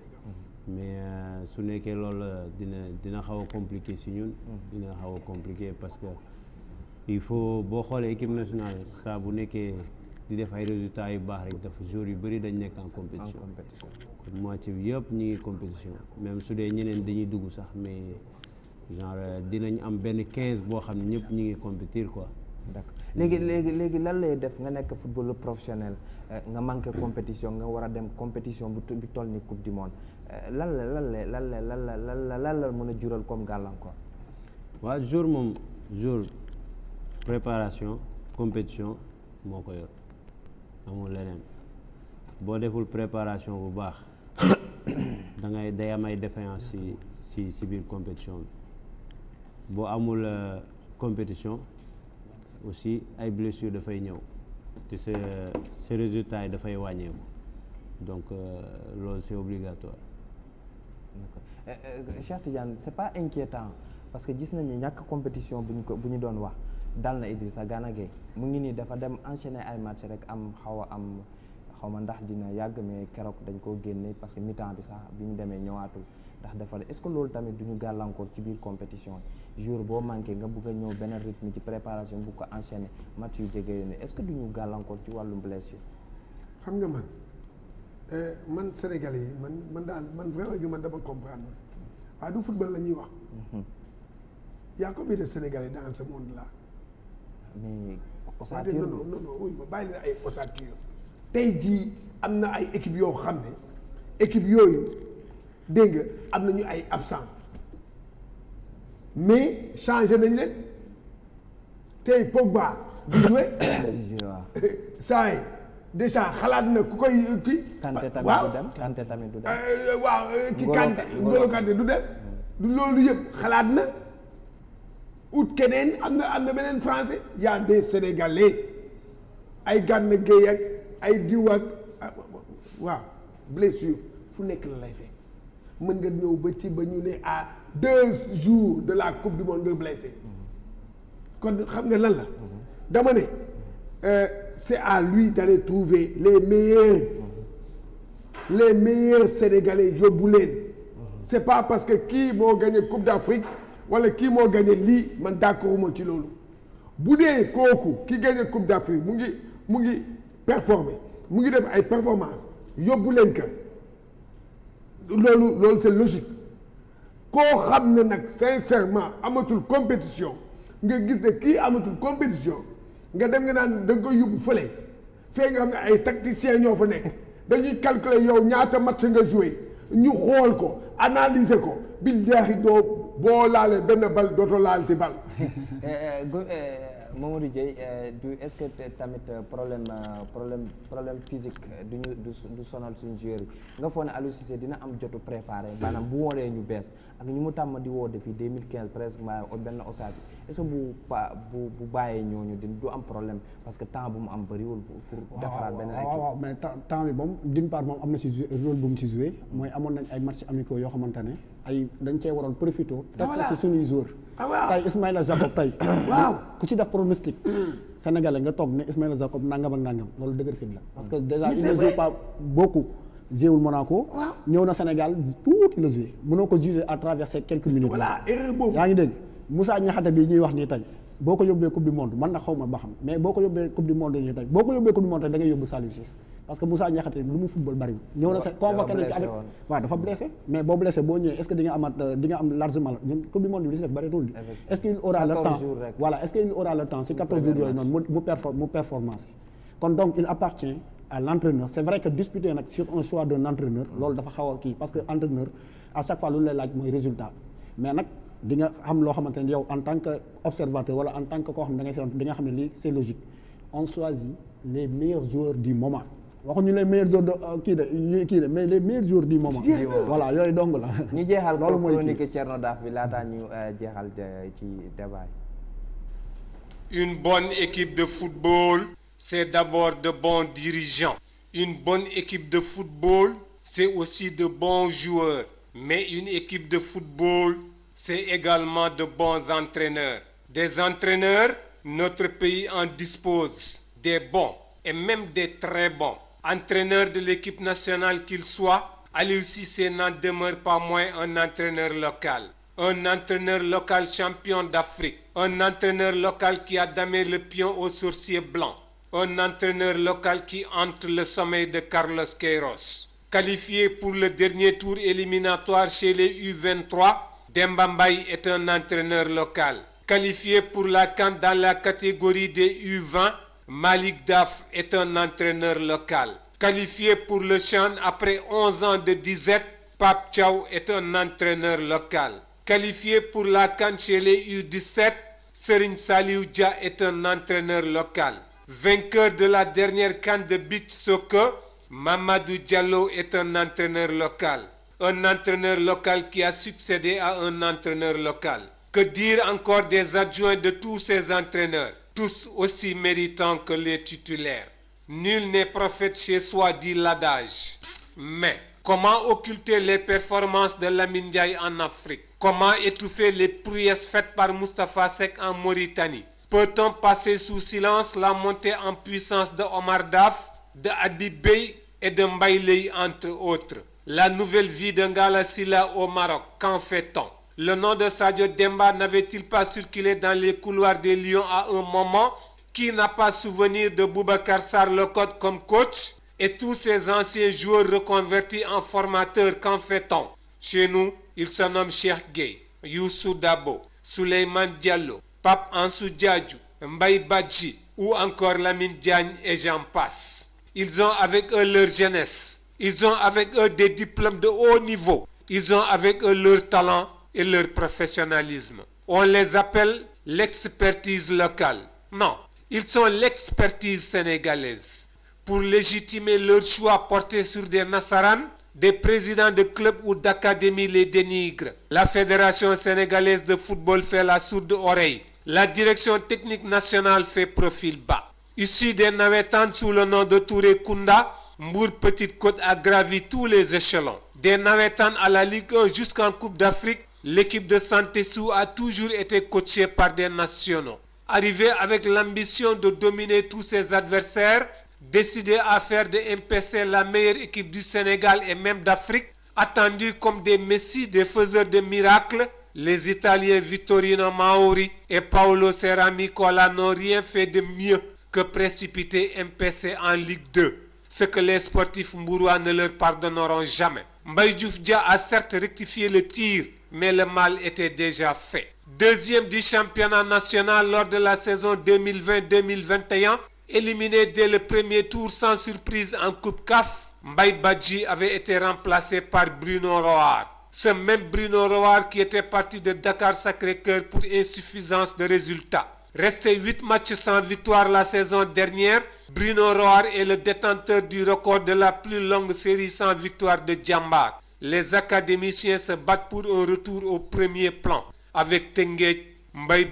mais euh, su nekkee loolu dina dina xaw a compliqué si ñun. Mm. dina xaw a compliqué parce que il faut boo xoolee équipe nationale saa bu nekkee di def ay résultats yu baax rek dafa jour yu bëri dañ nekk en compétition. en compétition moitié bi yëpp ñu ngi compétition même su dee ñeneen dañuy dugg sax mais genre dinañ am benn quinze boo xam ne ñëpp ñu ngi compétir quoi. d'accord léegi léegi léegi lan lay def nga nekk football professionnel euh, nga manqué compétition nga war a dem compétition bu toll ni coupe du monde. lan la lan la lan la lan la lan la lan la mën a jural comme gàllankoor. waaw jour moom jour préparation compétition moo ko yor amul leneen boo deful préparation bu baax da ngay day am ay défaillance si si si biir compétition bi boo amul euh, compétition aussi ay blessure dafay ñëw te sa sa résultat yi dafay wàññeeku donc euh, loolu c'est obligatoire. d'accord eh, eh, Cheikh Tidiane c'est pas inquiétant parce que gis nañu ñàkk compétition bu ñu ko bu ñu doon wax dal na Idrissa Gana Gueye mu ngi nii dafa dem enchaîner ay match rek am xaw a am xaw ma ndax dina yàgg mais keroog dañ koo génne parce que mi-temps bi sax bi ñu demee ñëwaatul ndax dafa est-ce que loolu tamit du ñu gàllankoor ci biir compétition jour boo manqué nga bugg a ñëw benn rythme ci préparation bu ko enchaîner match yu jege yoon est-ce que duñu gàllankoor ci wàllum blessure. xam nga man. Euh, man Sénégalais yi man man daal man vraiment gi man dama comprendre waaye du football la ñuy wax. Mhm. y a combien de Sénégalais dans ce monde là. mais ossature non non non oui bàyyi la ay ossature tey jii am na ay équipe yoo xam ne équipe yooyu dégg nga am nañu ay absent mais changé nañ leen tey Pogba. di joué saa yi. déjà xalaat na ku koy kii. Kanté tamit du dem Kanté tamit du dem. du loolu yëpp xalaat na ut keneen am na am na beneen français y a des sénégalais ay Gana Gueye ak ay diw ak ah, waaw blessure fu nekk la lay fekk mën nga ñëw ba ci ba ñu ne à deux jours de la coupe du monde nga blessé mhm. kon xam nga lan la dama ne. Euh, c'est à lui d'aller trouver les meilleurs les meilleurs sénégalais yóbbu leen c'est pas parce que kii moo gagné coupe d'Afrique wala kii moo gagné lii man d'accorduma ci loolu bu dee kooku ki gagné coupe d'Afrique mu ngi mu ngi performer mu ngi def ay performances yóbbu leen ka loolu loolu c'est logique koo xam ne nag sincèrement amatul compétition nga gis ne kii amatul compétition nga dem nga naan da nga koy yóbbu fële fee nga xam ne ay tacticiens ñoo fa nekk dañuy calculer yow ñaata match nga joué ñu xool ko analyser ko billaahi doo boo laalee benn bal dootoo laal ti bal eh, eh, eh, Mamadou Dieye euh, du est-ce que tamit euh, problème euh, problème problème physique du ñu du sonal suñu joueur yi nga foog ne Aliou Cissé dina am jotu préparé maanaam bu wooree ñu bees ak ñu mu tàmm di woo depuis 2015 presque ma benn osaat bi bu bu bu bàyyee ñooñu di du am problème parce que temps bu mu am bëriwul pour defaraat beneen équipe waaw waaw mais temps bi moom d'une part moom am na si rôle bu mu si joué mooy amoon nañ ay marché amicaux yoo xamante ne ay dañ cee waroon profité ah, test ci suñuy joueur ah waaw tey Ismaïla Jacob tey. waaw ku ci def pronostic. Mm. sénégalais nga toog ne Ismaïla Jacob nangam ak nangam loolu dëgër fit la. parce que déjà il ne joue pas beaucoup. jéewul Monaco. waaw ñëw na Sénégal tuuti la joué. mënoo ko juger à travers ces quelques yaa ngi dégg Moussa Niakhaté bi ñuy wax nii tey. boo ko yóbbee coupe du monde man na xaw ma ba xam mais boo ko yóbbee coupe du monde nii tey boo ko yóbbee coupe du monde tey da yóbbu Saliou parce que Moussa Niakhaté lu mu football bariwul. ñëw na sa convoqué nañ ko dafa blessé. mais boo blessé boo ñëwee est ce que di nga amaat euh, am largement ñun coupe du monde bi li si def est ce que il aura le temps voilà est ce il aura le temps si 14 que disputer nag sur un choix d' un mm. loolu dafa xaw a kii parce que entraîneur à chaque fois lu lay laaj mooy résultat mais nag. di xam loo xamante yow en tant que observateur wala en tant que koo xam ne da waxuñu les meilleurs joueurs de euh, kii de euh, kii de mais les meilleurs joueurs du moment. voilà yooyu dong la. ñu jeexal ko chronique Thierno Daaf bi laataa ñu euh, jeexal ci débat yi. une bonne équipe de football. c'est d'abord de bons dirigeants. une bonne équipe de football. c'est aussi de bons joueurs. mais une équipe de football. c'est également de bons entraîneurs. des entraîneurs. notre pays en dispose. des bons et même des très bons. entraîneur de l'équipe nationale qu'il soit, Aliou Cissé n'en demeure pas moins un entraîneur local. Un entraîneur local champion d'Afrique. Un entraîneur local qui a damé le pion aux sourciers blancs. Un entraîneur local qui hante le sommeil de Carlos Queiroz. Qualifié pour le dernier tour éliminatoire chez les U23, Demba Mbaye est un entraîneur local. Qualifié pour la CAN dans la catégorie des U20, Malik Daf est un entraîneur local. Qualifié pour le CHAN après 11 ans de disette, Pape Thiaw est un entraîneur local. Qualifié pour la CAN chez les U17, Serigne Saliou Dia est un entraîneur local. Vainqueur de la dernière CAN de beach soccer, Mamadou Diallo est un entraîneur local. Un entraîneur local qui a succédé à un entraîneur local. Que dire encore des adjoints de tous ces entraîneurs? tous aussi méritants que les titulaires. Nul n'est prophète chez soi, dit l'adage. Mais comment occulter les performances de Lamine Ndiaye en Afrique? Comment étouffer les prouesses faites par Moustapha Seck en Mauritanie? Peut-on passer sous silence la montée en puissance de Omar Daf, de Habib Beye et de Mbaye Leye entre autres? La nouvelle vie de Ngala au Maroc, qu'en fait-on? Le nom de Sadio Demba n'avait-il pas circulé dans les couloirs des Lions à un moment? Qui n'a pas souvenir de Boubacar Sarr Locotte comme coach et tous ces anciens joueurs reconvertis en formateurs, qu'en fait-on? Chez nous, il se nomme Cheikh Gueye, Youssou Dabo, Souleymane Diallo, Pape Ansou Diadou, Mbaye Badji ou encore Lamine Diagne et j'en passe. Ils ont avec eux leur jeunesse. avec eux des diplômes de haut niveau. Ils ont avec eux leur talent. et leur professionnalisme. On les appelle l'expertise locale. Non, ils sont l'expertise sénégalaise. Pour légitimer leur choix porté sur des nasarans, des présidents de clubs ou d'académies les dénigrent. La Fédération sénégalaise de football fait la sourde oreille. La direction technique nationale fait profil bas. Ici, des navettans sous le nom de Touré Kunda, Mbour Petite Côte a gravi tous les échelons. Des navettans à la Ligue 1 jusqu'en Coupe d'Afrique, L'équipe de Santessou a toujours été coachée par des nationaux. Arrivé avec l'ambition de dominer tous ses adversaires, décidé à faire de MPC la meilleure équipe du Sénégal et même d'Afrique, attendus comme des messies, des faiseurs de miracles, les Italiens Vittorino Mauri et Paolo Ceramicola n'ont rien fait de mieux que précipiter MPC en Ligue 2, ce que les sportifs mbourois ne leur pardonneront jamais. Mbaye Diouf Dia a certes rectifié le tir mais le mal était déjà fait. Deuxième du championnat national lors de la saison 2020-2021, éliminé dès le premier tour sans surprise en Coupe CAF, Mbaye Badji avait été remplacé par Bruno Roar. Ce même Bruno Roar qui était parti de Dakar Sacré-Cœur pour insuffisance de résultats. Resté 8 matchs sans victoire la saison dernière, Bruno Roar est le détenteur du record de la plus longue série sans victoire de Djambar. les académiciens se battent pour un retour au premier plan. Avec Tenguet, Mbaye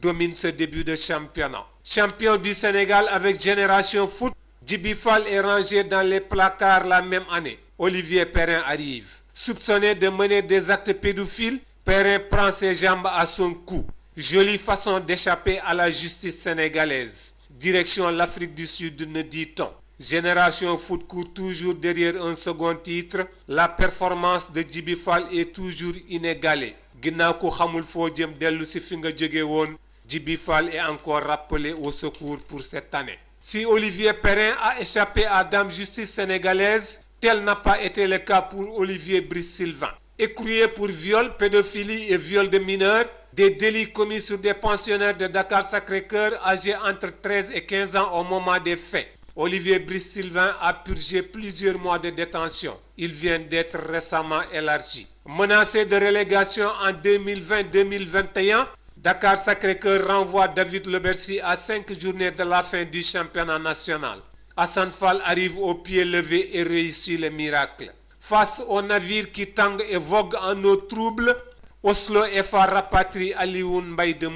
domine ce début de championnat. Champion du Sénégal avec Génération Foot, Djibi Fall est rangé dans les placards la même année. Olivier Perrin arrive. Soupçonné de mener des actes pédophiles, Perrin prend ses jambes à son cou. Jolie façon d'échapper à la justice sénégalaise. Direction l'Afrique du Sud, ne dit-on. Génération Foot court toujours derrière un second titre la performance de Djibi Fall est toujours inégalée ginnaaw ku xamul foo jëm dellu ci fi nga jóge woon Djibi Fall est encore rappelé au secours pour cette année. Si Olivier Perrin a échappé à Dame Justice sénégalaise tel n'a pas été le cas pour Olivier Brice Sylvain. Écroué pour viol, pédophilie et viol de mineurs des délits commis sur des pensionnaires de Dakar Sacré-Cœur âgés entre et 15 ans au moment des faits. Olivier Brice Sylvain a purgé plusieurs mois de détention. Il vient d'être récemment élargi. Menacé de relégation en 2020-2021, Dakar Sacré-Cœur renvoie David Le Bercy à cinq journées de la fin du championnat national. Hassan Fall arrive au pied levé et réussit le miracle. Face aux navires qui tanguent et voguent en eau trouble, Oslo FA rapatrie Alioune Mbaye de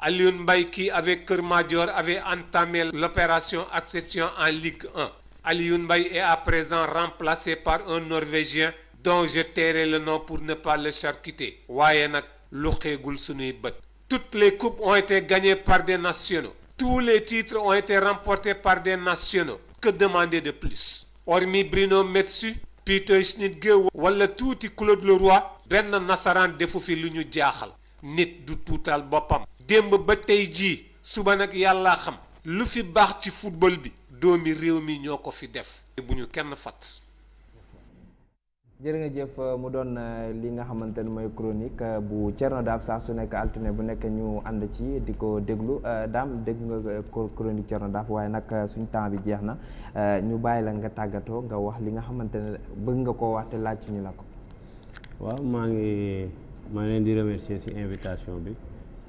Alioune Mbaye qui avec Keur Madior avait entamé l'opération accession en Ligue un Alioune Mbaye est à présent remplacé par un Norvégien dont je tairai le nom pour ne pas le charcuter waaye nag lu xeegul suñuy bët. Toutes les coupes ont été gagnées par des nationaux. Tous les titres ont été remportés par des nationaux. Que demander de plus? Hormis Bruno Metsu, Peter Schnittger wala tuuti Claude Leroy benn nasaraan defu fi lu ñu jaaxal. Nit du tuutal boppam. démb ba tey jii suba nag yàlla xam lu fi baax ci football bi doomi réew mi ñoo ko fi def bu ñu kenn fat jërë jëf euh, mu doon euh, li nga xamante ne mooy chronique euh, bu Thierno Dame saa su nekk altine bu nekk ñu ànd ci di ko déglu daam dégg nga chronique Thierno Dame waaye nag suñu temps bi jeex na ñu bàyyi la nga tàggatoo nga wax li nga xamante ne bëgg nga koo wax te laaj ñu la ko waaw maa ngi maa ngi di remercier ci invitation bi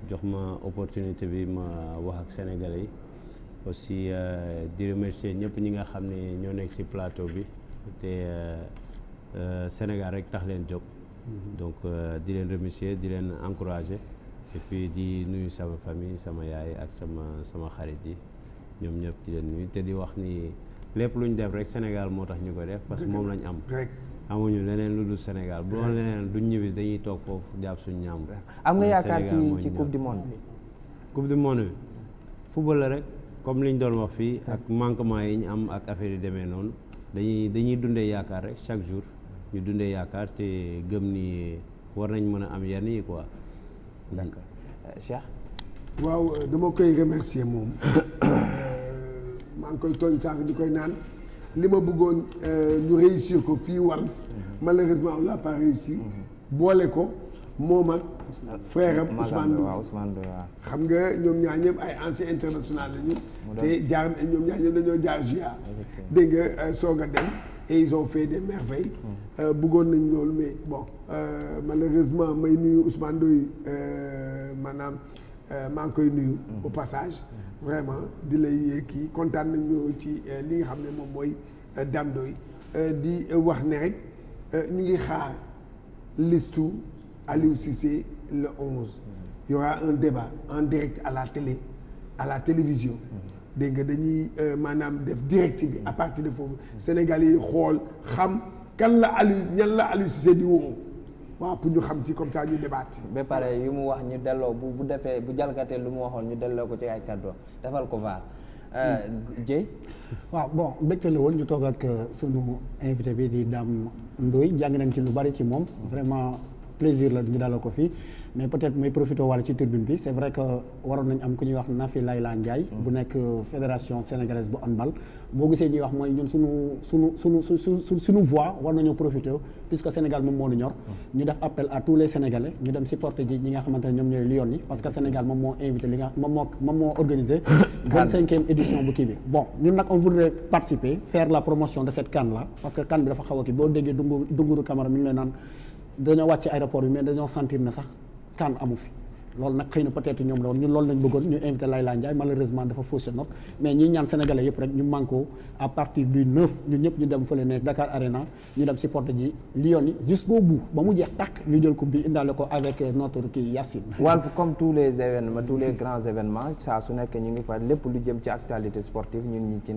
jox ma opportunité bi ma wax ak sénégalais yi aussi euh, di remercier ñëpp ñi nga xam ne ñoo nekk ci plateau bi te euh, euh, Sénégal rek tax leen jóg. Mhm. donc di leen remercier di leen encourager et puis di nuyu sama famille sama yaay ak sama sama xarit yi ñoom ñëpp di leen nuyu te di wax nii lépp lu ñu def rek Sénégal moo tax ñu ko def parce que moom lañ am. amuñu leneen lu dul Sénégal boo doon leneen duñ ñibbi dañuy toog foofu jàpp suñu ñaam. am nga yaakaar ci ci coupe du monde bi. coupe du monde bi football rek comme li liñ doon wax fii ak manquement yi ñu am ak affaire yi demee noonu dañuy dañuy dundee yaakaar rek chaque jour ñu dundee yaakaar te gëm ni war nañ mën a am yenn yi quoi. Euh, waaw dama koy remercier moom euh, maa ngi koy tooñ sànq di koy naan. li ma bëggoon euh, ñu réussir ko fii Walf mhm. malheureusement on l'a pas réussi mhm. boole ko moom ak frère am Ousmane Ndour xam nga ñoom ñaar ñëpp ay ancien internationale lañu te jaar ñoom ñaar ñëpp dañoo jaar GIA dégg nga euh, soog a dem et ils ont fait des merveilles mhm. euh, bëggoon nañ loolu mais bon euh, malheureusement may nuyu Ousmane Ndoye maanaam maa ngi koy nuyu au passage vraiment di lay kii kontaan nañu ci euh, li nga xam ne moom mooy euh, Dame euh, di wax ne rek ñu ngi xaar listu Aliou Cissé le 11. y aura un débat en direct à la télé à la télévision. dégg nga dañuy maanaam def direct bi à parti de foofu Sénégal yi xool xam kan la Aliou ñan la Aliou di woo. waaw pour ñu xam ci comme ça ñu débattre. ba pare yu mu wax ñu delloo bu bu defee bu jalgatee lu mu waxoon ñu delloo ko ci ay kàddoom defal ko vaar. Dieye. Euh, hmm. waaw bon mbégte la woon ñu toog ak euh, sunu invité bii di damm Ndoye jàng nañ ci lu bari ci moom vraiment. plaisir la ñu dalal ko fii mais peut-être may profité ci tribune bi c'est vrai que waroon nañ am ku ñuy wax Nafi Layla Ndiaye mm. bu nekk euh, fédération sénégalaise bu handball boo gisee ñuy wax mooy ñun suñu suñu suñu suñu su suñu voix war nañoo profité puisque Sénégal moom moo ñor mm. ñu def appel à tous les Sénégalais ñu dem supporter ji ñi nga xamante ñoom ñooy Lions yi parce que Sénégal moom moo invité li nga moom moom moo organisé vingt-cinquième dañoo wàcc aéroport bi mais dañoo sentir na sax kan amu fi loolu nag xëy na peut-être ñoom la woon loolu lañ bëggoon ñu invité Layla Ndiaye malheureusement dafa fausse note mais ñi ñaan sénégalais yëpp rek ñu manko ñëpp ñu dem fële ne Dakar Arena ñu dem supporter ji Lions yi jusqu'au bout ba mu jeex tàkk ñu jël ko bi indaale ko avec euh, notre kii Yacine. Walf comme tous les événements tous les grands événements saa su nekk ñu ngi fa lépp lu jëm ci actualité sportive ñu ñi ci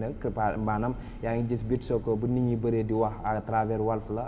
maanaam yaa ngi gis bit ko bu nit ñi bëree di wax à travers Walf la